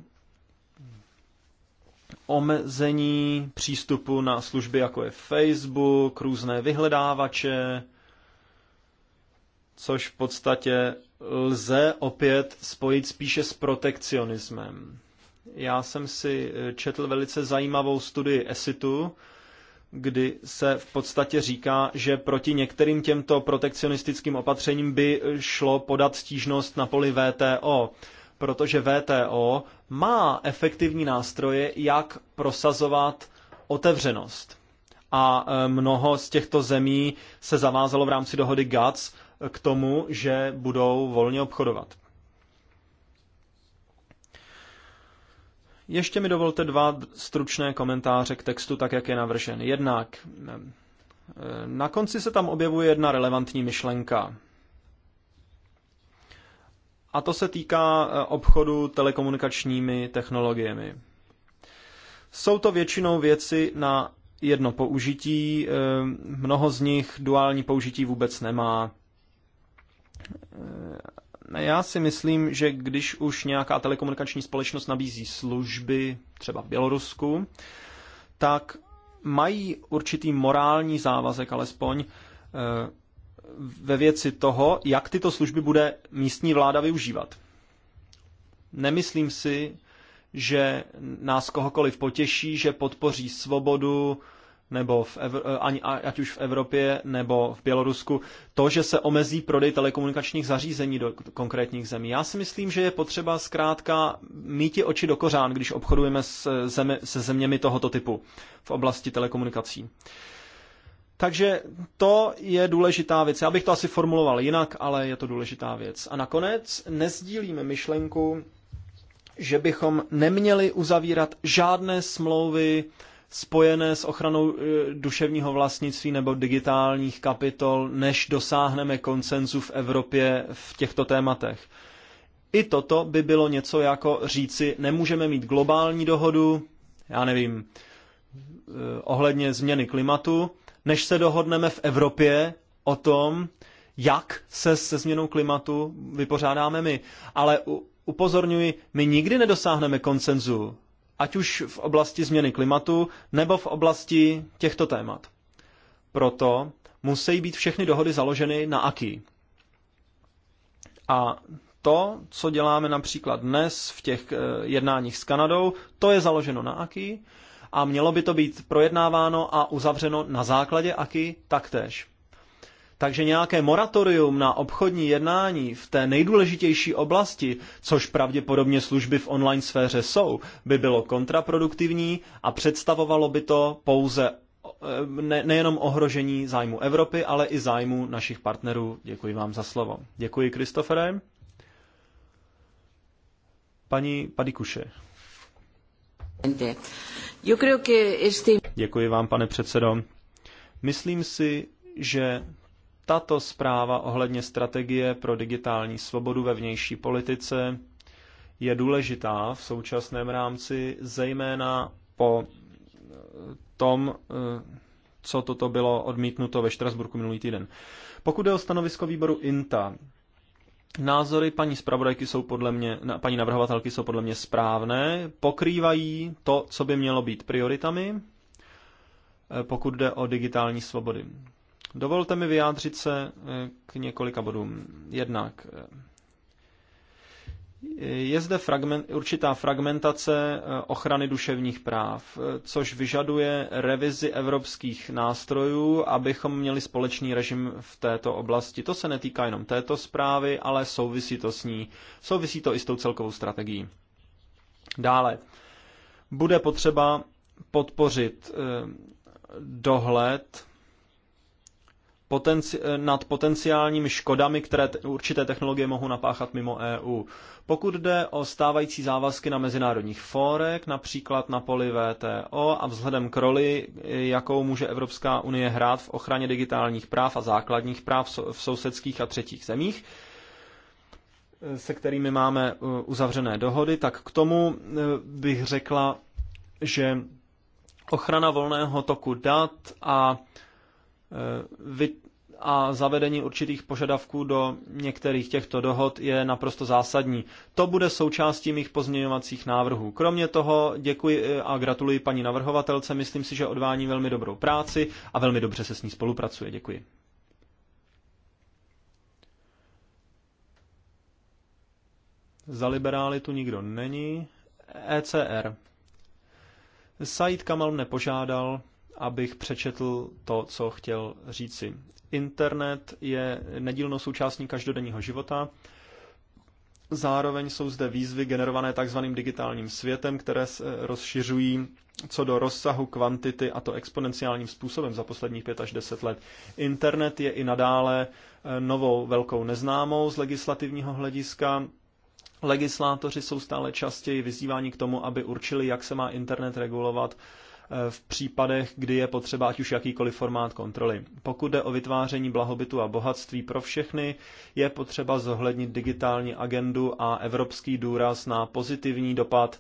omezení přístupu na služby, jako je Facebook, různé vyhledávače, což v podstatě lze opět spojit spíše s protekcionismem. Já jsem si eh, četl velice zajímavou studii ESITu, kdy se v podstatě říká, že proti některým těmto protekcionistickým opatřením by šlo podat stížnost na poli VTO protože VTO má efektivní nástroje, jak prosazovat otevřenost. A e, mnoho z těchto zemí se zavázalo v rámci dohody GATS k tomu, že budou volně obchodovat. Ještě mi dovolte dva stručné komentáře k textu, tak jak je navržen. Jednak e, e, na konci se tam objevuje jedna relevantní myšlenka. A to se týká eh, obchodu telekomunikačními technologiemi. Jsou to většinou věci na jedno použití, eh, mnoho z nich duální použití vůbec nemá. Eh, já si myslím, že když už nějaká telekomunikační společnost nabízí služby, třeba v Bělorusku, tak mají určitý morální závazek alespoň ve věci toho, jak tyto služby bude místní vláda využívat. Nemyslím si, že nás kohokoliv potěší, že podpoří svobodu, nebo v eh, ani, ať už v Evropě nebo v Bělorusku, to, že se omezí prodej telekomunikačních zařízení do konkrétních zemí. Já si myslím, že je potřeba zkrátka mít oči do kořán, když obchodujeme se, eh, zemi, se zeměmi tohoto typu v oblasti telekomunikací. Uh, takže to je důležitá věc. Já bych to asi formuloval jinak, ale je to důležitá věc. A nakonec nezdílíme myšlenku, že bychom neměli uzavírat žádné smlouvy spojené s ochranou e, duševního vlastnictví nebo digitálních kapitol, než dosáhneme konsenzu v Evropě v těchto tématech. I toto by bylo něco jako říci, nemůžeme mít globální dohodu, já nevím, e, ohledně změny klimatu, než se dohodneme v Evropě o tom, jak se se změnou klimatu vypořádáme my. Ale upozorňuji, my nikdy nedosáhneme konsenzu, ať už v oblasti změny klimatu nebo v oblasti těchto témat. Proto musí být všechny dohody založeny na aký. A to, co děláme například dnes v těch eh, jednáních s Kanadou, to je založeno na aký a mělo by to být projednáváno a uzavřeno na základě AKI taktéž. Takže nějaké moratorium na obchodní jednání v té nejdůležitější oblasti, což pravděpodobně služby v online sféře jsou, by bylo kontraproduktivní a představovalo by to pouze eh, ne, nejenom ohrožení zájmu Evropy, ale i zájmu našich partnerů. Děkuji vám za slovo. Děkuji, Kristofere. Paní Padikuše. Děkuji vám, pane předsedo. Myslím si, že tato zpráva ohledně strategie pro digitální svobodu ve vnější politice je důležitá v současném rámci, zejména po eh, tom, eh, co toto bylo odmítnuto ve Štrasburku minulý týden. Pokud je o stanovisko výboru INTA, Názory paní zpravodajky jsou podle mě, paní navrhovatelky jsou podle mě správné, pokrývají to, co by mělo být prioritami, eh, pokud jde o digitální svobody. Dovolte mi vyjádřit se eh, k několika bodům. Jednak eh, je zde fragment, určitá fragmentace eh, ochrany duševních práv, eh, což vyžaduje revizi evropských nástrojů, abychom měli společný režim v této oblasti. To se netýká jenom této zprávy, ale souvisí to s ní. Souvisí to i s tou celkovou strategií. Dále. Bude potřeba podpořit eh, dohled potenci- eh, nad potenciálními škodami, které určité technologie mohou napáchat mimo EU. Pokud jde o stávající závazky na mezinárodních fórek, například na poli VTO a vzhledem k roli, eh, jakou může Evropská unie hrát v ochraně digitálních práv a základních práv v sousedských a třetích zemích, eh, se kterými máme uzavřené dohody, tak k tomu bych řekla, že ochrana volného toku dat a Eh, a zavedení určitých požadavků do některých těchto dohod je naprosto zásadní. To bude součástí mých pozměňovacích návrhů. Kromě toho děkuji eh, a gratuluji paní navrhovatelce. Myslím si, že odvání velmi dobrou práci a velmi dobře se s ní spolupracuje. Děkuji. Za liberály tu nikdo není. ECR. Said Kamal nepožádal abych přečetl to, co chtěl říci. Internet je nedílnou součástí každodenního života. Zároveň jsou zde výzvy generované takzvaným digitálním světem, které se rozšiřují co do rozsahu, kvantity a to exponenciálním způsobem za posledních pět až deset let. Internet je i nadále e, novou velkou neznámou z legislativního hlediska. Legislátoři jsou stále častěji vyzýváni k tomu, aby určili, jak se má internet regulovat Eh, v případech, kdy je potřeba ať už jakýkoliv formát kontroly. Pokud jde o vytváření blahobytu a bohatství pro všechny, je potřeba zohlednit digitální agendu a evropský důraz na pozitivní dopad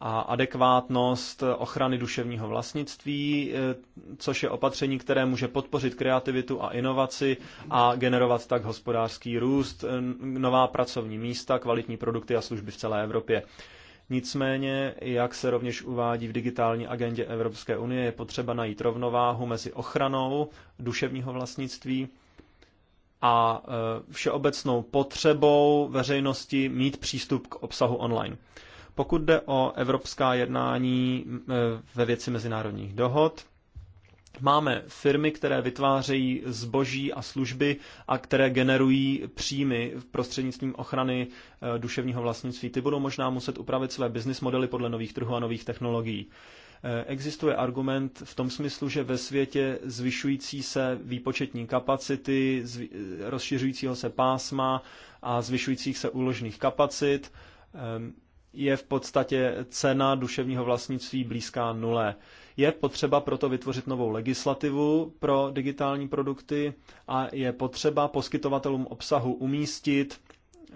a adekvátnost ochrany duševního vlastnictví, eh, což je opatření, které může podpořit kreativitu a inovaci a generovat tak hospodářský růst, nová pracovní místa, kvalitní produkty a služby v celé Evropě. Nicméně, jak se rovněž uvádí v digitální agendě Evropské unie, je potřeba najít rovnováhu mezi ochranou duševního vlastnictví a e, všeobecnou potřebou veřejnosti mít přístup k obsahu online. Pokud jde o evropská jednání e, ve věci mezinárodních dohod, Máme firmy, které vytvářejí zboží a služby a které generují příjmy v prostřednictvím ochrany eh, duševního vlastnictví. Ty budou možná muset upravit své business modely podle nových trhů a nových technologií. Eh, existuje argument v tom smyslu, že ve světě zvyšující se výpočetní kapacity, eh, rozšiřujícího se pásma a zvyšujících se úložných kapacit je v podstatě cena duševního vlastnictví blízká nule. Je potřeba proto vytvořit novou legislativu pro digitální produkty a je potřeba poskytovatelům obsahu umístit eh,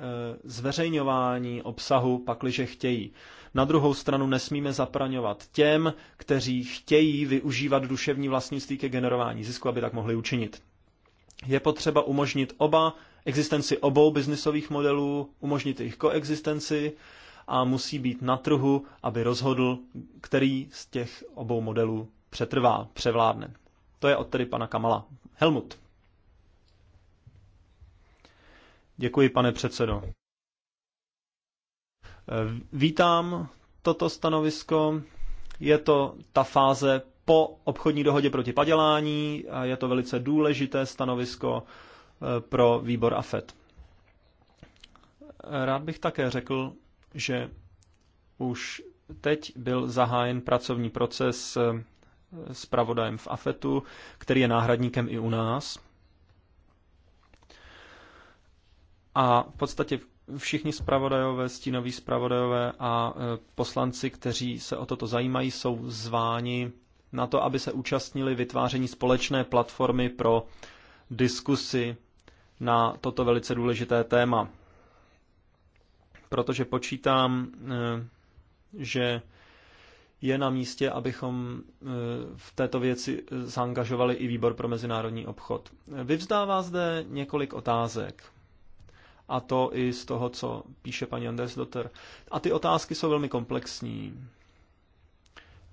zveřejňování obsahu, pakliže chtějí. Na druhou stranu nesmíme zapraňovat těm, kteří chtějí využívat duševní vlastnictví ke generování zisku, aby tak mohli učinit. Je potřeba umožnit oba, existenci obou biznisových modelů, umožnit jejich koexistenci a musí být na trhu, aby rozhodl, který z těch obou modelů přetrvá, převládne. To je od tedy pana Kamala. Helmut. Děkuji, pane předsedo. Vítám toto stanovisko. Je to ta fáze po obchodní dohodě proti padělání a je to velice důležité stanovisko eh, pro výbor AFET. Rád bych také řekl, že už teď byl zahájen pracovní proces eh, s pravodajem v AFETu, který je náhradníkem i u nás. A v podstatě všichni zpravodajové, stínoví zpravodajové a eh, poslanci, kteří se o toto zajímají, jsou zváni na to, aby se účastnili vytváření společné platformy pro diskusy na toto velice důležité téma protože počítám, eh, že je na místě, abychom eh, v této věci eh, zaangažovali i výbor pro mezinárodní obchod. Vyvzdává zde několik otázek. A to i z toho, co píše paní Andersdotter. A ty otázky jsou velmi komplexní.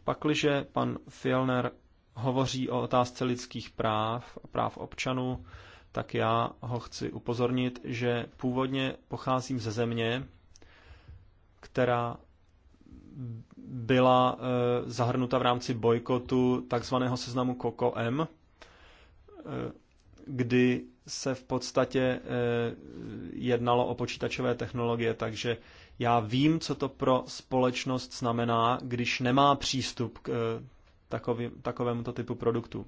Pakliže pan Fielner hovoří o otázce lidských práv a práv občanů, tak já ho chci upozornit, že původně pocházím ze země, která byla eh, zahrnuta v rámci bojkotu takzvaného seznamu M, eh, kdy se v podstatě eh, jednalo o počítačové technologie, takže já vím, co to pro společnost znamená, když nemá přístup k takový, takovému typu produktu.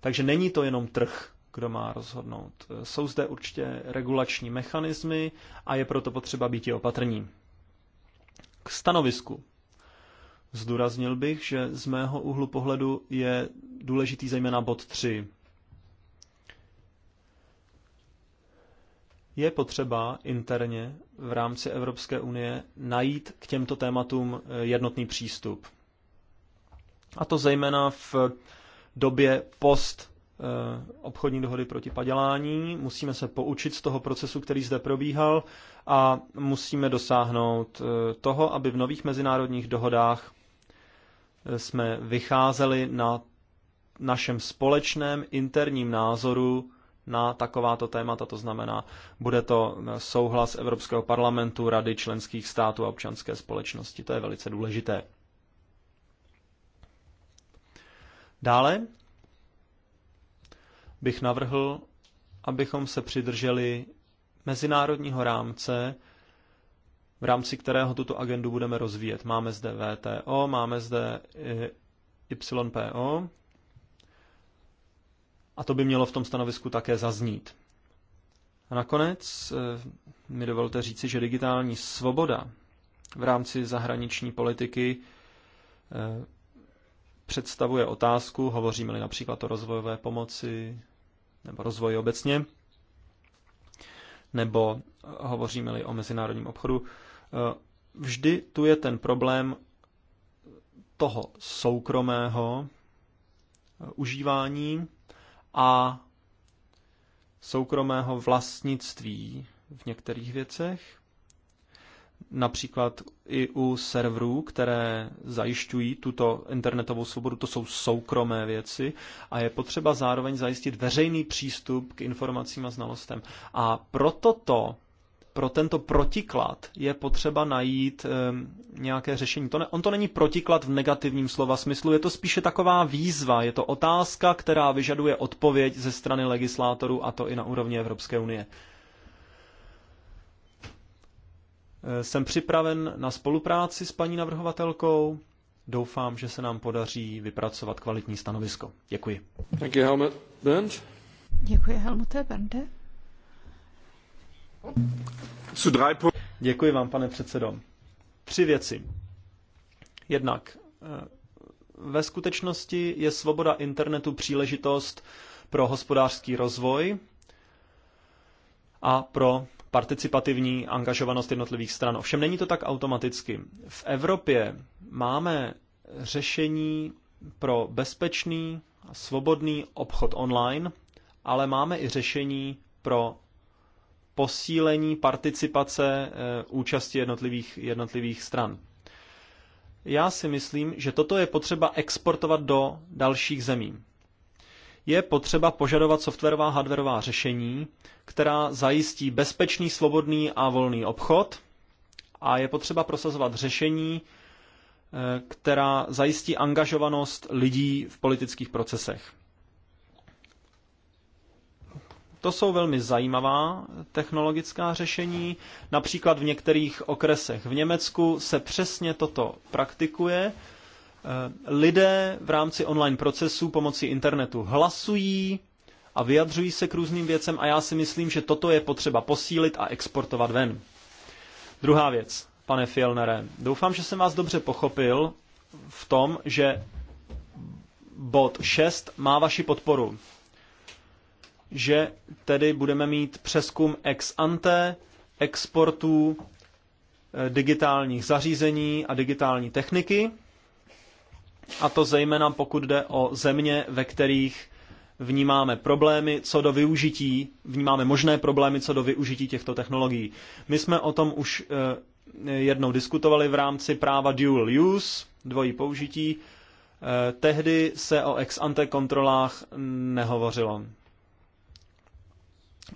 Takže není to jenom trh, kdo má rozhodnout. Jsou zde určitě regulační mechanismy a je proto potřeba být i opatrní. K stanovisku. Zdůraznil bych, že z mého úhlu pohledu je důležitý zejména bod 3. Je potřeba interně v rámci Evropské unie najít k těmto tématům eh, jednotný přístup. A to zejména v době post Eh, obchodní dohody proti padělání, musíme se poučit z toho procesu, který zde probíhal a musíme dosáhnout eh, toho, aby v nových mezinárodních dohodách eh, jsme vycházeli na našem společném interním názoru na takováto témata, to znamená, bude to souhlas Evropského parlamentu, Rady členských států a občanské společnosti. To je velice důležité. Dále bych navrhl, abychom se přidrželi mezinárodního rámce, v rámci kterého tuto agendu budeme rozvíjet. Máme zde VTO, máme zde eh, YPO a to by mělo v tom stanovisku také zaznít. A nakonec eh, mi dovolte říci, že digitální svoboda v rámci zahraniční politiky eh, představuje otázku, hovoříme-li například o rozvojové pomoci, nebo rozvoji obecně, nebo hovoříme-li o mezinárodním obchodu, eh, vždy tu je ten problém toho soukromého eh, užívání a soukromého vlastnictví v některých věcech například i u serverů, které zajišťují tuto internetovou svobodu, to jsou soukromé věci a je potřeba zároveň zajistit veřejný přístup k informacím a znalostem. A proto to, pro tento protiklad je potřeba najít um, nějaké řešení. To ne, on to není protiklad v negativním slova smyslu, je to spíše taková výzva, je to otázka, která vyžaduje odpověď ze strany legislátorů a to i na úrovni Evropské unie. Eh, jsem připraven na spolupráci s paní navrhovatelkou. Doufám, že se nám podaří vypracovat kvalitní stanovisko. Děkuji. Thank you, Helmut Bernd. Děkuji, Helmute Bernde. Děkuji vám, pane předsedo. Tři věci. Jednak eh, ve skutečnosti je svoboda internetu příležitost pro hospodářský rozvoj a pro participativní angažovanost jednotlivých stran. Ovšem není to tak automaticky. V Evropě máme řešení pro bezpečný a svobodný obchod online, ale máme i řešení pro posílení participace e, účasti jednotlivých, jednotlivých stran. Já si myslím, že toto je potřeba exportovat do dalších zemí je potřeba požadovat softwarová hardwarová řešení, která zajistí bezpečný, svobodný a volný obchod a je potřeba prosazovat řešení, eh, která zajistí angažovanost lidí v politických procesech. To jsou velmi zajímavá technologická řešení. Například v některých okresech v Německu se přesně toto praktikuje Eh, lidé v rámci online procesu pomocí internetu hlasují a vyjadřují se k různým věcem a já si myslím, že toto je potřeba posílit a exportovat ven. Druhá věc, pane Fielnere, doufám, že jsem vás dobře pochopil v tom, že bod 6 má vaši podporu. Že tedy budeme mít přeskum ex ante exportů eh, digitálních zařízení a digitální techniky, a to zejména pokud jde o země, ve kterých vnímáme problémy co do využití, vnímáme možné problémy co do využití těchto technologií. My jsme o tom už eh, jednou diskutovali v rámci práva dual use, dvojí použití. Eh, tehdy se o ex ante kontrolách nehovořilo.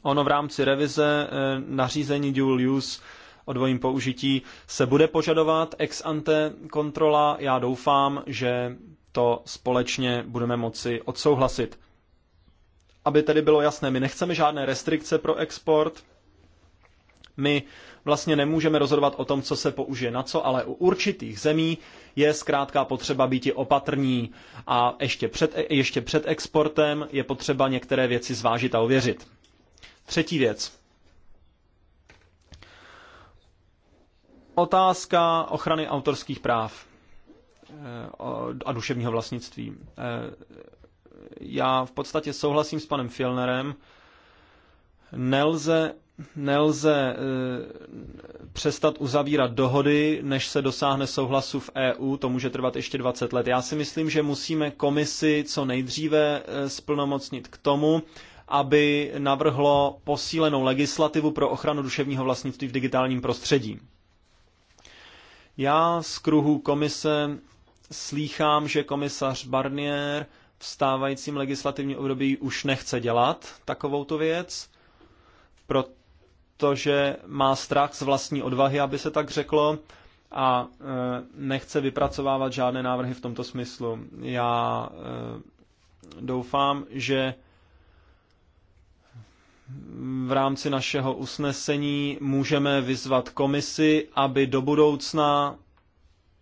Ono v rámci revize eh, nařízení dual use o dvojím použití se bude požadovat ex ante kontrola. Já doufám, že to společně budeme moci odsouhlasit. Aby tedy bylo jasné, my nechceme žádné restrikce pro export, my vlastně nemůžeme rozhodovat o tom, co se použije na co, ale u určitých zemí je zkrátka potřeba být i opatrní a ještě před, ještě před exportem je potřeba některé věci zvážit a ověřit. Třetí věc. Otázka ochrany autorských práv eh, a duševního vlastnictví. Eh, já v podstatě souhlasím s panem Filnerem. Nelze, nelze eh, přestat uzavírat dohody, než se dosáhne souhlasu v EU. To může trvat ještě 20 let. Já si myslím, že musíme komisi co nejdříve splnomocnit k tomu, aby navrhlo posílenou legislativu pro ochranu duševního vlastnictví v digitálním prostředí. Já z kruhu komise slýchám, že komisař Barnier v stávajícím legislativním období už nechce dělat takovou tu věc, protože má strach z vlastní odvahy, aby se tak řeklo, a e, nechce vypracovávat žádné návrhy v tomto smyslu. Já e, doufám, že v rámci našeho usnesení můžeme vyzvat komisi, aby do budoucna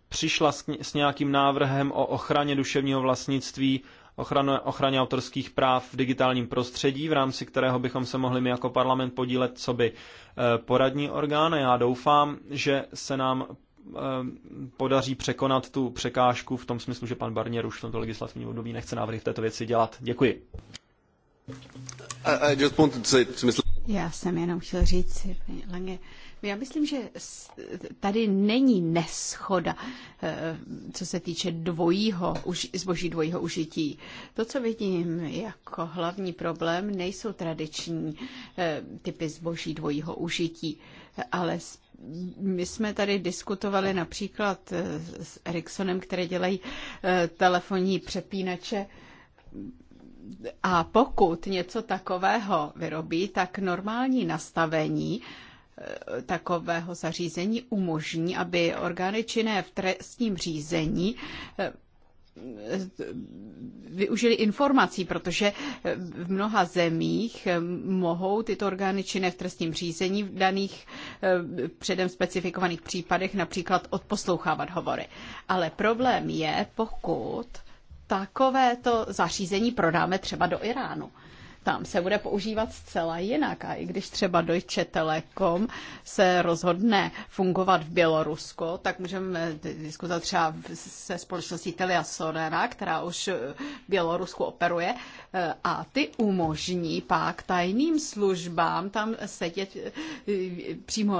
přišla s nějakým návrhem o ochraně duševního vlastnictví, ochranu, ochraně autorských práv v digitálním prostředí, v rámci kterého bychom se mohli my jako parlament podílet co by eh, poradní orgán. Já doufám, že se nám eh, podaří překonat tu překážku v tom smyslu, že pan Barnier už v tomto legislativním období nechce návrhy v této věci dělat. Děkuji. Já jsem jenom chtěl říct, Lange, já myslím, že tady není neschoda, eh, co se týče dvojího, zboží dvojího užití. To, co vidím jako hlavní problém, nejsou tradiční eh, typy zboží dvojího užití, ale my jsme tady diskutovali například eh, s Ericssonem, které dělají telefonní přepínače a pokud něco takového vyrobí, tak normální nastavení eh, takového zařízení umožní, aby orgány činné v trestním řízení eh, využili informací, protože eh, v mnoha zemích mohou tyto orgány činné v trestním řízení v daných předem specifikovaných případech například odposlouchávat hovory. Ale problém je, pokud takovéto zařízení prodáme třeba do Iránu tam se bude používat zcela jinak. A i když třeba Deutsche Telekom se rozhodne fungovat v Bělorusko, tak můžeme diskutovat třeba se společností Telia Sonera, která už v Bělorusku operuje eh, a ty umožní pak tajným službám tam sedět eh, přímo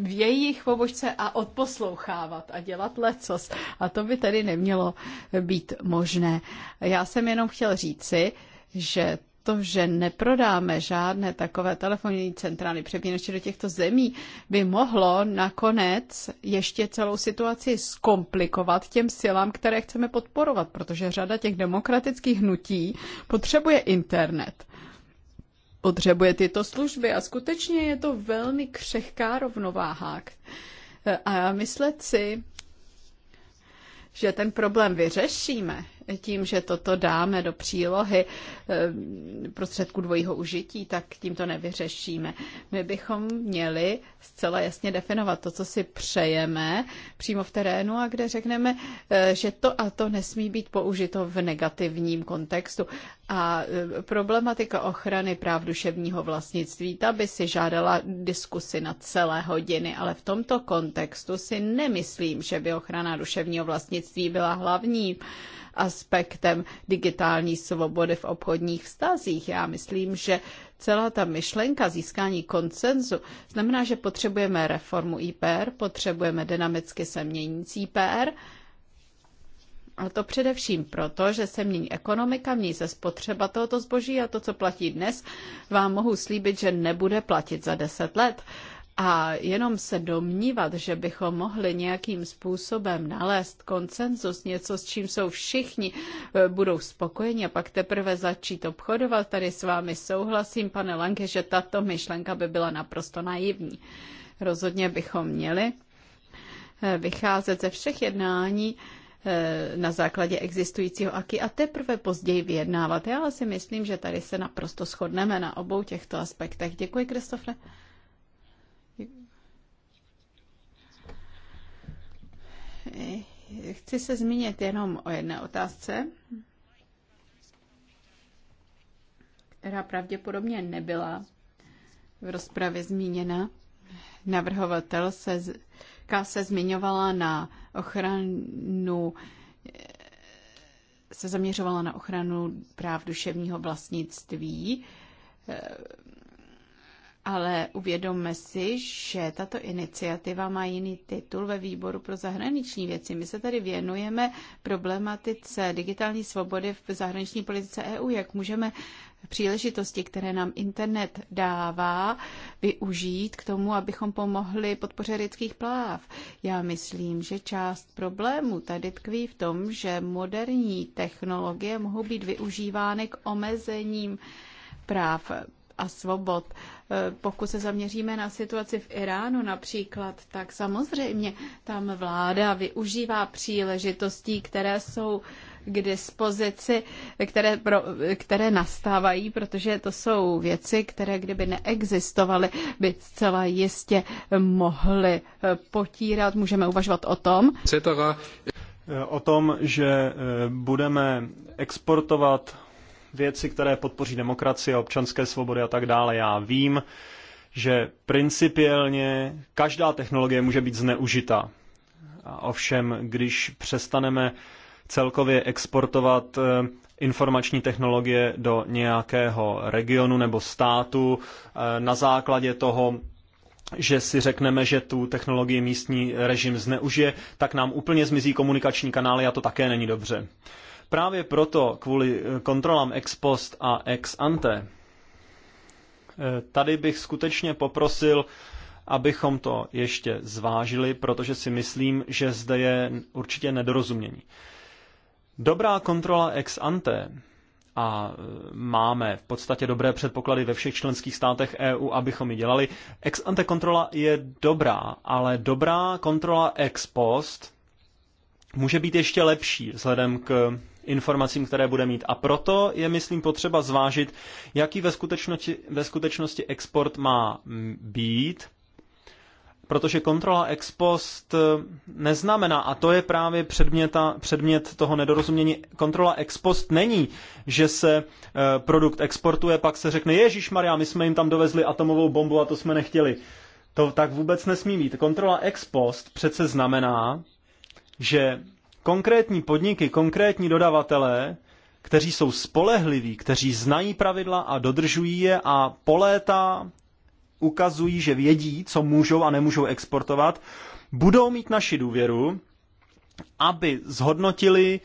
v jejich pobožce a odposlouchávat a dělat lecos. A to by tedy nemělo být možné. Já jsem jenom chtěl říci, že to, že neprodáme žádné takové telefonní centrály přepínače do těchto zemí, by mohlo nakonec ještě celou situaci zkomplikovat těm silám, které chceme podporovat, protože řada těch demokratických hnutí potřebuje internet. Potřebuje tyto služby a skutečně je to velmi křehká rovnováha. A myslet si, že ten problém vyřešíme, tím, že toto dáme do přílohy eh, prostředku dvojího užití, tak tím to nevyřešíme. My bychom měli zcela jasně definovat to, co si přejeme přímo v terénu a kde řekneme, eh, že to a to nesmí být použito v negativním kontextu. A eh, problematika ochrany práv duševního vlastnictví, ta by si žádala diskusy na celé hodiny, ale v tomto kontextu si nemyslím, že by ochrana duševního vlastnictví byla hlavní aspektem digitální svobody v obchodních vztazích. Já myslím, že celá ta myšlenka získání koncenzu znamená, že potřebujeme reformu IPR, potřebujeme dynamicky se měnící IPR, a to především proto, že se mění ekonomika, mění se spotřeba tohoto zboží a to, co platí dnes, vám mohu slíbit, že nebude platit za deset let. A jenom se domnívat, že bychom mohli nějakým způsobem nalézt konsenzus, něco, s čím jsou všichni, eh, budou spokojeni a pak teprve začít obchodovat, tady s vámi souhlasím, pane Lanke, že tato myšlenka by byla naprosto naivní. Rozhodně bychom měli eh, vycházet ze všech jednání, eh, na základě existujícího aky a teprve později vyjednávat. Já si myslím, že tady se naprosto shodneme na obou těchto aspektech. Děkuji, Kristofle. Chci se zmínit jenom o jedné otázce, která pravděpodobně nebyla v rozpravě zmíněna. Navrhovatel se, se zmiňovala na ochranu se zaměřovala na ochranu práv duševního vlastnictví ale uvědomme si, že tato iniciativa má jiný titul ve výboru pro zahraniční věci. My se tady věnujeme problematice digitální svobody v zahraniční politice EU, jak můžeme příležitosti, které nám internet dává, využít k tomu, abychom pomohli podpoře lidských pláv. Já myslím, že část problému tady tkví v tom, že moderní technologie mohou být využívány k omezením práv a svobod. E, pokud se zaměříme na situaci v Iránu například, tak samozřejmě tam vláda využívá příležitostí, které jsou k dispozici, které, pro, které nastávají, protože to jsou věci, které kdyby neexistovaly, by zcela jistě mohly e, potírat. Můžeme uvažovat o tom. E, o tom, že budeme exportovat věci, které podpoří demokracii, občanské svobody a tak dále. Já vím, že principiálně každá technologie může být zneužita. A ovšem, když přestaneme celkově exportovat eh, informační technologie do nějakého regionu nebo státu eh, na základě toho, že si řekneme, že tu technologii místní režim zneužije, tak nám úplně zmizí komunikační kanály a to také není dobře. Právě proto, kvůli eh, kontrolám ex post a ex ante, eh, tady bych skutečně poprosil, abychom to ještě zvážili, protože si myslím, že zde je určitě nedorozumění. Dobrá kontrola ex ante a eh, máme v podstatě dobré předpoklady ve všech členských státech EU, abychom ji dělali. Ex ante kontrola je dobrá, ale dobrá kontrola ex post může být ještě lepší vzhledem k informacím, které bude mít. A proto je, myslím, potřeba zvážit, jaký ve skutečnosti, ve skutečnosti export má být, protože kontrola ex post e, neznamená, a to je právě předměta, předmět toho nedorozumění, kontrola ex post není, že se e, produkt exportuje, pak se řekne, Ježíš Maria, my jsme jim tam dovezli atomovou bombu a to jsme nechtěli. To tak vůbec nesmí být. Kontrola ex post přece znamená, že konkrétní podniky, konkrétní dodavatelé, kteří jsou spolehliví, kteří znají pravidla a dodržují je a po léta ukazují, že vědí, co můžou a nemůžou exportovat, budou mít naši důvěru, aby zhodnotili,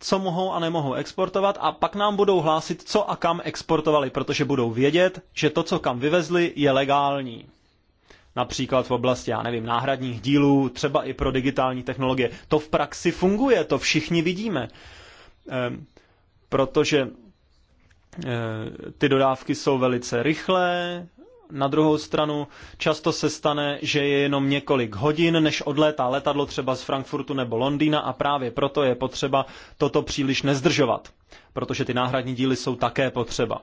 co mohou a nemohou exportovat a pak nám budou hlásit, co a kam exportovali, protože budou vědět, že to, co kam vyvezli, je legální například v oblasti, já nevím, náhradních dílů, třeba i pro digitální technologie. To v praxi funguje, to všichni vidíme, ehm, protože eh, ty dodávky jsou velice rychlé, na druhou stranu často se stane, že je jenom několik hodin, než odlétá letadlo třeba z Frankfurtu nebo Londýna a právě proto je potřeba toto příliš nezdržovat, protože ty náhradní díly jsou také potřeba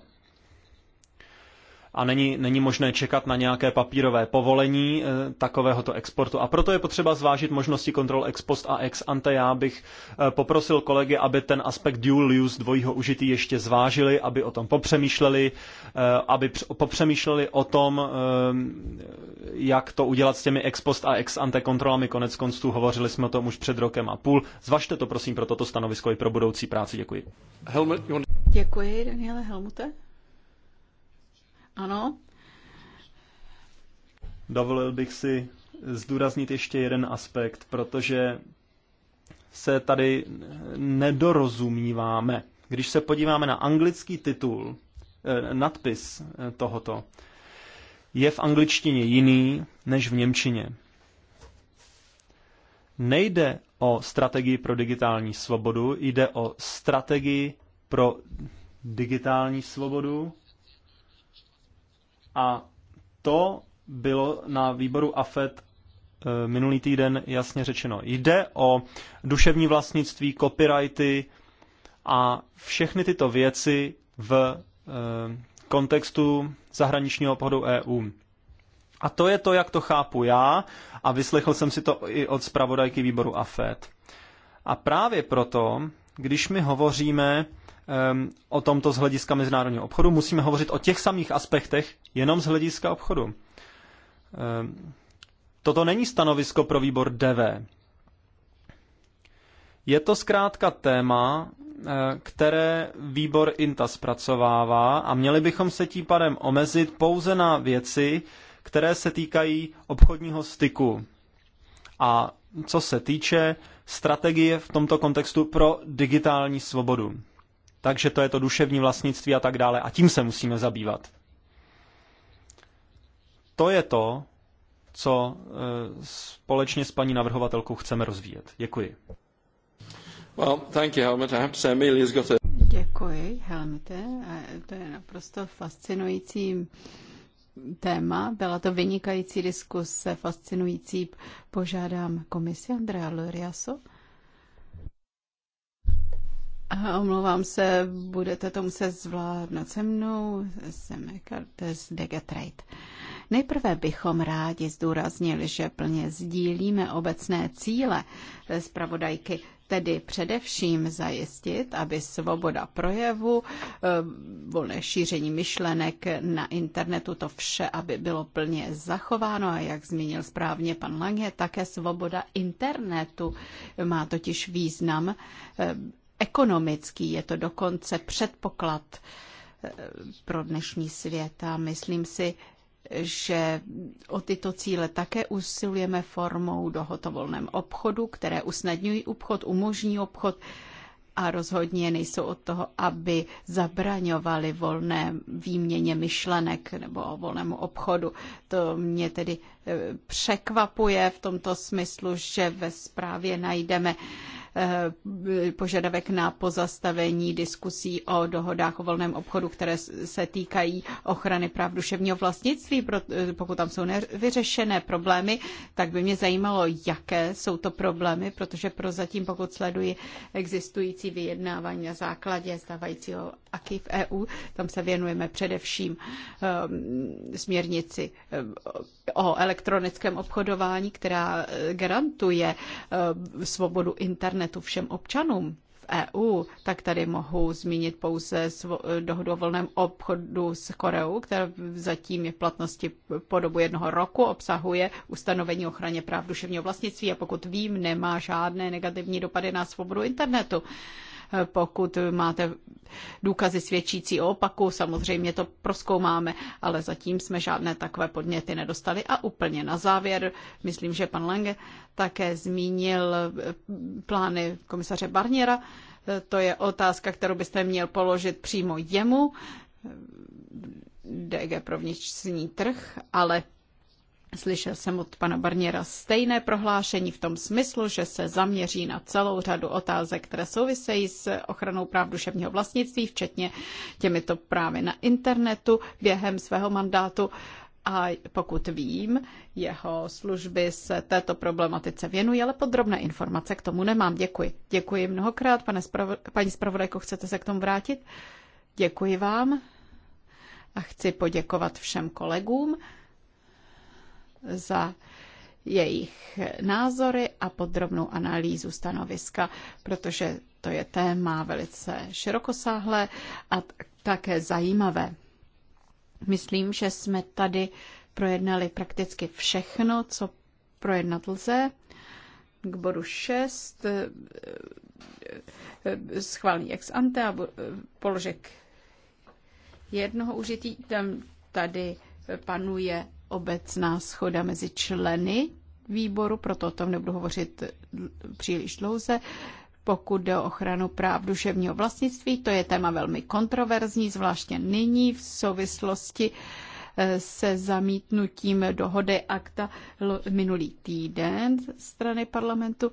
a není, není možné čekat na nějaké papírové povolení eh, takovéhoto exportu. A proto je potřeba zvážit možnosti kontrol ex post a ex ante. Já bych eh, poprosil kolegy, aby ten aspekt dual use dvojího užití ještě zvážili, aby o tom popřemýšleli, eh, aby popřemýšleli o tom, jak to udělat s těmi ex post a ex ante kontrolami. Konec konců hovořili jsme o tom už před rokem a půl. Zvažte to prosím pro toto stanovisko i pro budoucí práci. Děkuji. Helmut, Děkuji, Daniele Helmute. Ano. Dovolil bych si zdůraznit ještě jeden aspekt, protože se tady nedorozumíváme. Když se podíváme na anglický titul, eh, nadpis eh, tohoto, je v angličtině jiný než v němčině. Nejde o strategii pro digitální svobodu, jde o strategii pro digitální svobodu a to bylo na výboru AFET eh, minulý týden jasně řečeno. Jde o duševní vlastnictví, copyrighty a všechny tyto věci v eh, kontextu zahraničního obchodu EU. A to je to, jak to chápu já a vyslechl jsem si to i od zpravodajky výboru AFET. A právě proto, když my hovoříme Ehm, o tomto z hlediska mezinárodního obchodu. Musíme hovořit o těch samých aspektech jenom z hlediska obchodu. Ehm, toto není stanovisko pro výbor DV. Je to zkrátka téma, eh, které výbor INTA zpracovává a měli bychom se tím pádem omezit pouze na věci, které se týkají obchodního styku. A co se týče strategie v tomto kontextu pro digitální svobodu takže to je to duševní vlastnictví a tak dále. A tím se musíme zabývat. To je to, co e, společně s paní navrhovatelkou chceme rozvíjet. Děkuji. Well, thank you, Helmut. I have to say Amelia's got a... Děkuji, Helmute. To je naprosto fascinující téma. Byla to vynikající diskuse, fascinující. Požádám komisi Andrea Luriaso Omlouvám se, budete to muset zvládnout se mnou, jsem z Degetrade. Nejprve bychom rádi zdůraznili, že plně sdílíme obecné cíle zpravodajky, tedy především zajistit, aby svoboda projevu, eh, volné šíření myšlenek na internetu, to vše, aby bylo plně zachováno a jak zmínil správně pan Lange, také svoboda internetu má totiž význam eh, ekonomický, je to dokonce předpoklad eh, pro dnešní svět a myslím si, že o tyto cíle také usilujeme formou dohod o volném obchodu, které usnadňují obchod, umožní obchod a rozhodně nejsou od toho, aby zabraňovali volné výměně myšlenek nebo volnému obchodu. To mě tedy eh, překvapuje v tomto smyslu, že ve zprávě najdeme uh, Eh, požadavek na pozastavení diskusí o dohodách o volném obchodu, které se týkají ochrany práv duševního vlastnictví. Eh, pokud tam jsou nevyřešené problémy, tak by mě zajímalo, jaké jsou to problémy, protože prozatím, pokud sleduji existující vyjednávání na základě stávajícího AKI v EU, tam se věnujeme především eh, směrnici o elektronickém obchodování, která eh, garantuje eh, svobodu internetu všem občanům. EU, tak tady mohu zmínit pouze eh, dohodu o volném obchodu s Koreou, která zatím je v platnosti po dobu jednoho roku, obsahuje ustanovení ochraně práv duševního vlastnictví a pokud vím, nemá žádné negativní dopady na svobodu internetu. Uh, pokud máte důkazy svědčící o opaku, samozřejmě to proskoumáme, ale zatím jsme žádné takové podněty nedostali. A úplně na závěr, myslím, že pan Lange také zmínil plány komisaře Barniera. To je otázka, kterou byste měl položit přímo jemu. DG pro vnitřní trh, ale Slyšel jsem od pana Barniera stejné prohlášení v tom smyslu, že se zaměří na celou řadu otázek, které souvisejí s ochranou práv duševního vlastnictví, včetně těmito právy na internetu během svého mandátu. A pokud vím, jeho služby se této problematice věnují, ale podrobné informace k tomu nemám. Děkuji. Děkuji mnohokrát. Pane spravo- paní zpravodajko, chcete se k tomu vrátit? Děkuji vám a chci poděkovat všem kolegům za jejich názory a podrobnou analýzu stanoviska, protože to je téma velice širokosáhlé a také zajímavé. Myslím, že jsme tady projednali prakticky všechno, co projednat lze. K bodu 6 eh, eh, schválí ex ante a eh, položek jednoho užití. Tam tady panuje obecná schoda mezi členy výboru, proto o tom nebudu hovořit příliš dlouze. Pokud jde o ochranu práv duševního vlastnictví, to je téma velmi kontroverzní, zvláště nyní v souvislosti eh, se zamítnutím dohody akta minulý týden strany parlamentu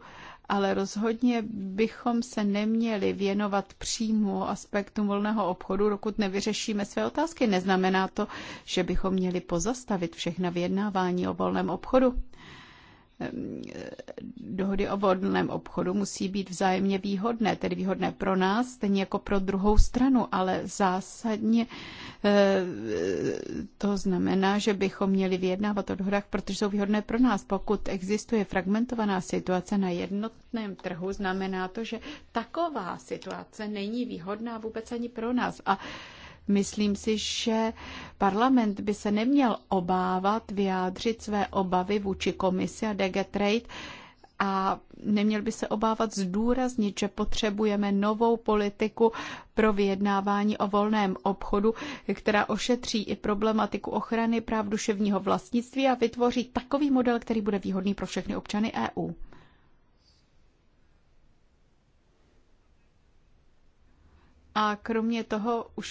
ale rozhodně bychom se neměli věnovat přímo aspektům volného obchodu, dokud nevyřešíme své otázky. Neznamená to, že bychom měli pozastavit všechna vyjednávání o volném obchodu. Ehm, dohody o volném obchodu musí být vzájemně výhodné, tedy výhodné pro nás, stejně jako pro druhou stranu, ale zásadně ehm, to znamená, že bychom měli vyjednávat o dohodách, protože jsou výhodné pro nás. Pokud existuje fragmentovaná situace na jednotném trhu, znamená to, že taková situace není výhodná vůbec ani pro nás. A Myslím si, že parlament by se neměl obávat vyjádřit své obavy vůči komisi a DG Trade, a neměl by se obávat zdůraznit, že potřebujeme novou politiku pro vyjednávání o volném obchodu, která ošetří i problematiku ochrany práv duševního vlastnictví a vytvoří takový model, který bude výhodný pro všechny občany EU. A kromě toho už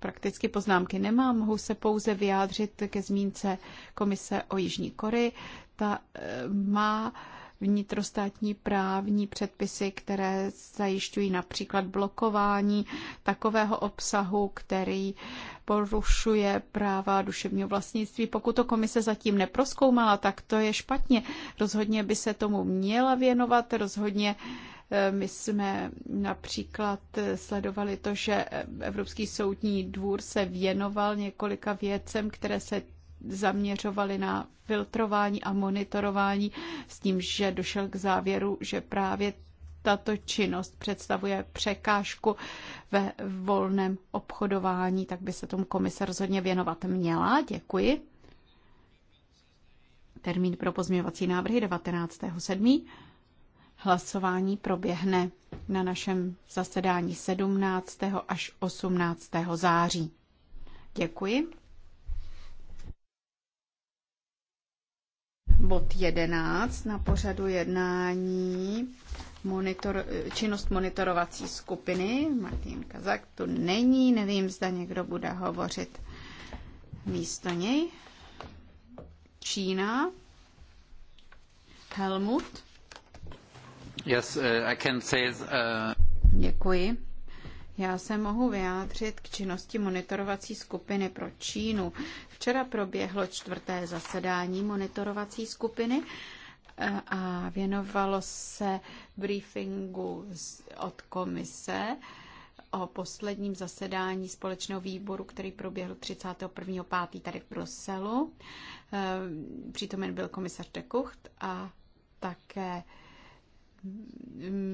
prakticky poznámky nemám, mohu se pouze vyjádřit ke zmínce komise o Jižní Kory. Ta e, má vnitrostátní právní předpisy, které zajišťují například blokování takového obsahu, který porušuje práva duševního vlastnictví. Pokud to komise zatím neproskoumala, tak to je špatně. Rozhodně by se tomu měla věnovat, rozhodně Eh, my jsme například eh, sledovali to, že eh, Evropský soudní dvůr se věnoval několika věcem, které se zaměřovali na filtrování a monitorování s tím, že došel k závěru, že právě tato činnost představuje překážku ve volném obchodování, tak by se tomu komise rozhodně věnovat měla. Děkuji. Termín pro pozměňovací návrhy 19.7. Hlasování proběhne na našem zasedání 17. až 18. září. Děkuji. Bod 11 na pořadu jednání monitor, činnost monitorovací skupiny. Martin Kazak tu není, nevím, zda někdo bude hovořit místo něj. Čína. Helmut. Uh, uh, Děkuji. Já se mohu vyjádřit k činnosti monitorovací skupiny pro Čínu. Včera proběhlo čtvrté zasedání monitorovací skupiny eh, a věnovalo se briefingu od komise o posledním zasedání společného výboru, který proběhl 31.5. tady v Bruselu. Eh, přítomen byl komisař Dekucht a také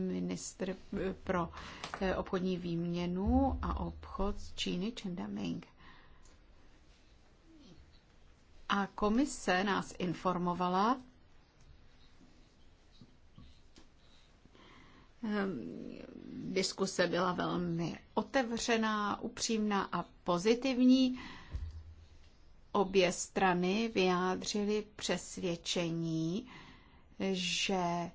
ministr pro eh, obchodní výměnu a obchod z Číny Chen Daming. A komise nás informovala, ehm, Diskuse byla velmi otevřená, upřímná a pozitivní. Obě strany vyjádřily přesvědčení, že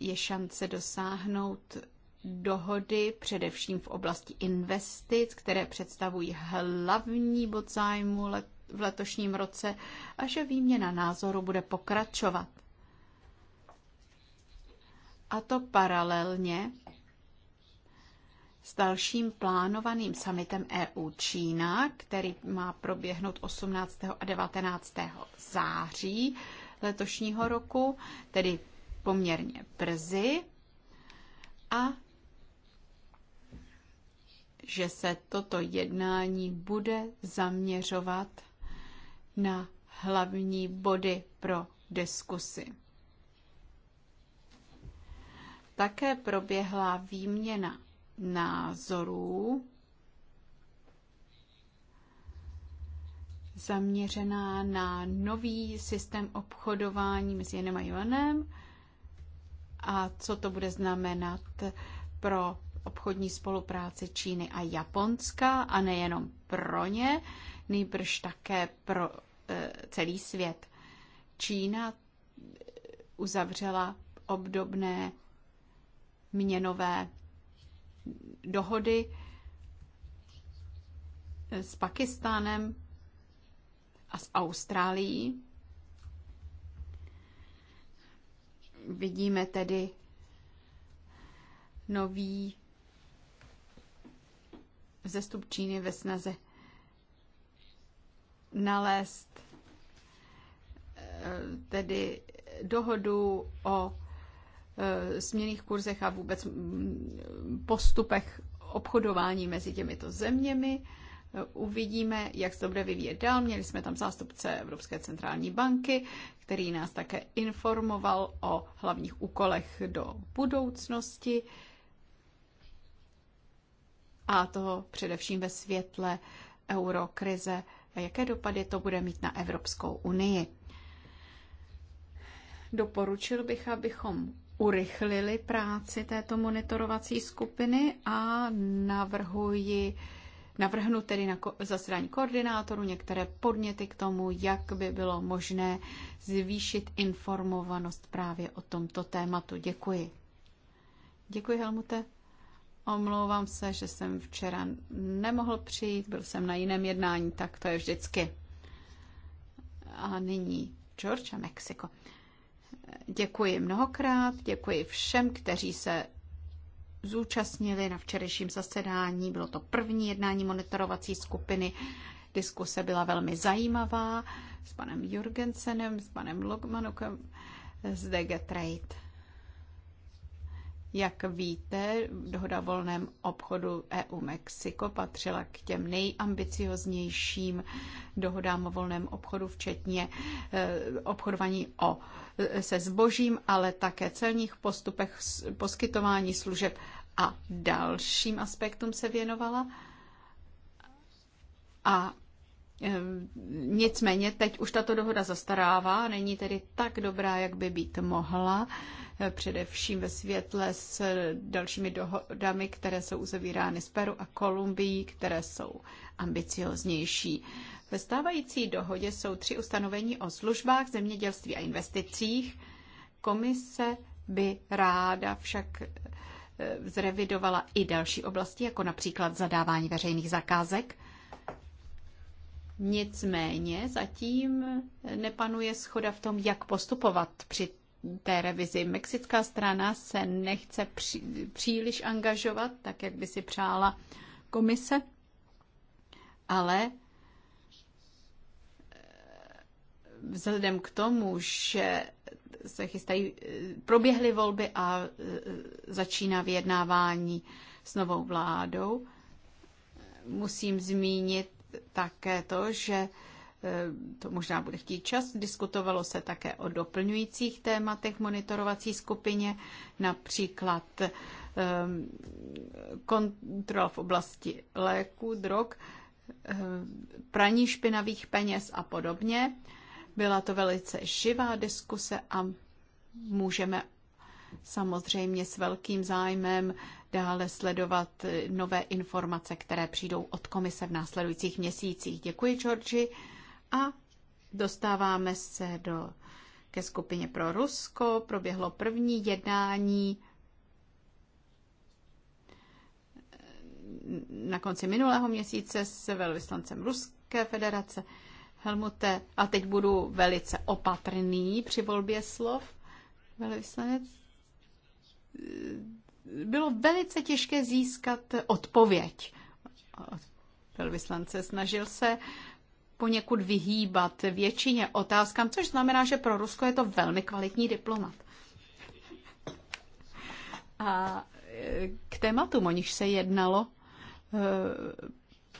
je šance dosáhnout dohody, především v oblasti investic, které představují hlavní bod zájmu let, v letošním roce a že výměna názoru bude pokračovat. A to paralelně s dalším plánovaným summitem EU Čína, který má proběhnout 18. a 19. září letošního roku, tedy poměrně brzy a že se toto jednání bude zaměřovat na hlavní body pro diskusy. Také proběhla výměna názorů zaměřená na nový systém obchodování mezi Jenem a Juanem a co to bude znamenat pro obchodní spolupráci Číny a Japonska a nejenom pro ně, nejbrž také pro e, celý svět. Čína e, uzavřela obdobné měnové dohody e, s Pakistánem a s Austrálií Vidíme tedy nový vzestup Číny ve snaze nalézt eh, tedy dohodu o eh, směných kurzech a vůbec mm, postupech obchodování mezi těmito zeměmi. Uvidíme, jak se to bude vyvíjet dál. Měli jsme tam zástupce Evropské centrální banky, který nás také informoval o hlavních úkolech do budoucnosti a toho především ve světle eurokrize a jaké dopady to bude mít na Evropskou unii. Doporučil bych, abychom urychlili práci této monitorovací skupiny a navrhuji navrhnu tedy na zasedání koordinátoru některé podněty k tomu, jak by bylo možné zvýšit informovanost právě o tomto tématu. Děkuji. Děkuji, Helmute. Omlouvám se, že jsem včera nemohl přijít, byl jsem na jiném jednání, tak to je vždycky. A nyní a Mexiko. Děkuji mnohokrát, děkuji všem, kteří se zúčastnili na včerejším zasedání. Bylo to první jednání monitorovací skupiny. Diskuse byla velmi zajímavá s panem Jurgensenem, s panem Logmanukem z DG Trade. Jak víte, dohoda o volném obchodu EU-Mexiko patřila k těm nejambicioznějším dohodám o volném obchodu, včetně eh, obchodování o, eh, se zbožím, ale také celních postupech poskytování služeb a dalším aspektům se věnovala. A eh, Nicméně teď už tato dohoda zastarává, není tedy tak dobrá, jak by být mohla především ve světle s dalšími dohodami, které jsou uzavírány s Peru a Kolumbií, které jsou ambicioznější. Ve stávající dohodě jsou tři ustanovení o službách, zemědělství a investicích. Komise by ráda však eh, zrevidovala i další oblasti, jako například zadávání veřejných zakázek. Nicméně zatím nepanuje schoda v tom, jak postupovat při té revizi. Mexická strana se nechce při, příliš angažovat, tak jak by si přála komise, ale eh, vzhledem k tomu, že se chystají, eh, proběhly volby a eh, začíná vyjednávání s novou vládou, musím zmínit také to, že to možná bude chtít čas. Diskutovalo se také o doplňujících tématech v monitorovací skupině, například ehm, kontrol v oblasti léku, drog, ehm, praní špinavých peněz a podobně. Byla to velice živá diskuse a můžeme samozřejmě s velkým zájmem dále sledovat nové informace, které přijdou od komise v následujících měsících. Děkuji, Georgi. A dostáváme se do, ke skupině pro Rusko. Proběhlo první jednání eh, na konci minulého měsíce s velvyslancem Ruské federace. Helmute, a teď budu velice opatrný při volbě slov, velvyslanec, bylo velice těžké získat odpověď. Velvyslance snažil se poněkud vyhýbat většině otázkám, což znamená, že pro Rusko je to velmi kvalitní diplomat. A e, k tématům, o nich se jednalo, e,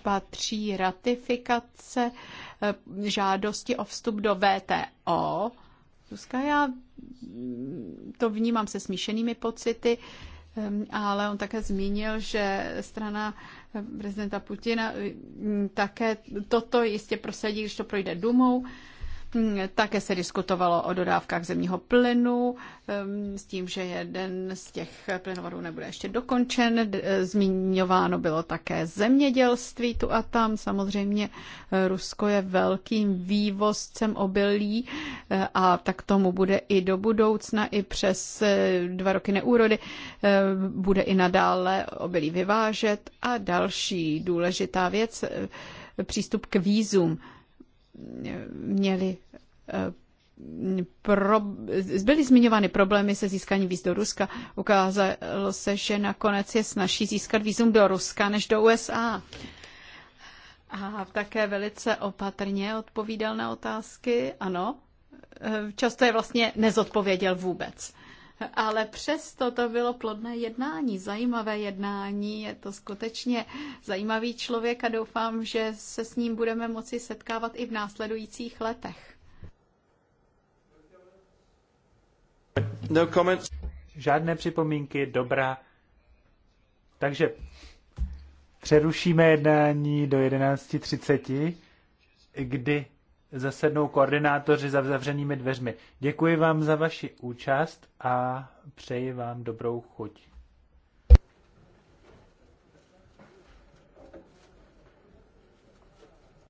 patří ratifikace e, žádosti o vstup do VTO. Ruska, já mm, to vnímám se smíšenými pocity, ale on také zmínil, že strana prezidenta Putina mm, také toto jistě prosadí, když to projde Dumou. Také se diskutovalo o dodávkách zemního plynu s tím, že jeden z těch plynovodů nebude ještě dokončen. E, zmiňováno bylo také zemědělství tu a tam. Samozřejmě e, Rusko je velkým vývozcem obilí e, a tak tomu bude i do budoucna, i přes dva roky neúrody. Bude i nadále obilí vyvážet. A další důležitá věc, přístup k vízům měli eh, pro, byly zmiňovány problémy se získáním víz do Ruska. Ukázalo se, že nakonec je snažší získat vízum do Ruska než do USA. A také velice opatrně odpovídal na otázky. Ano, eh, často je vlastně nezodpověděl vůbec ale přesto to bylo plodné jednání, zajímavé jednání. Je to skutečně zajímavý člověk a doufám, že se s ním budeme moci setkávat i v následujících letech. No comments. Žádné připomínky, dobrá. Takže přerušíme jednání do 11.30, kdy zasednou koordinátoři za zavřenými dveřmi. Děkuji vám za vaši účast a přeji vám dobrou chuť.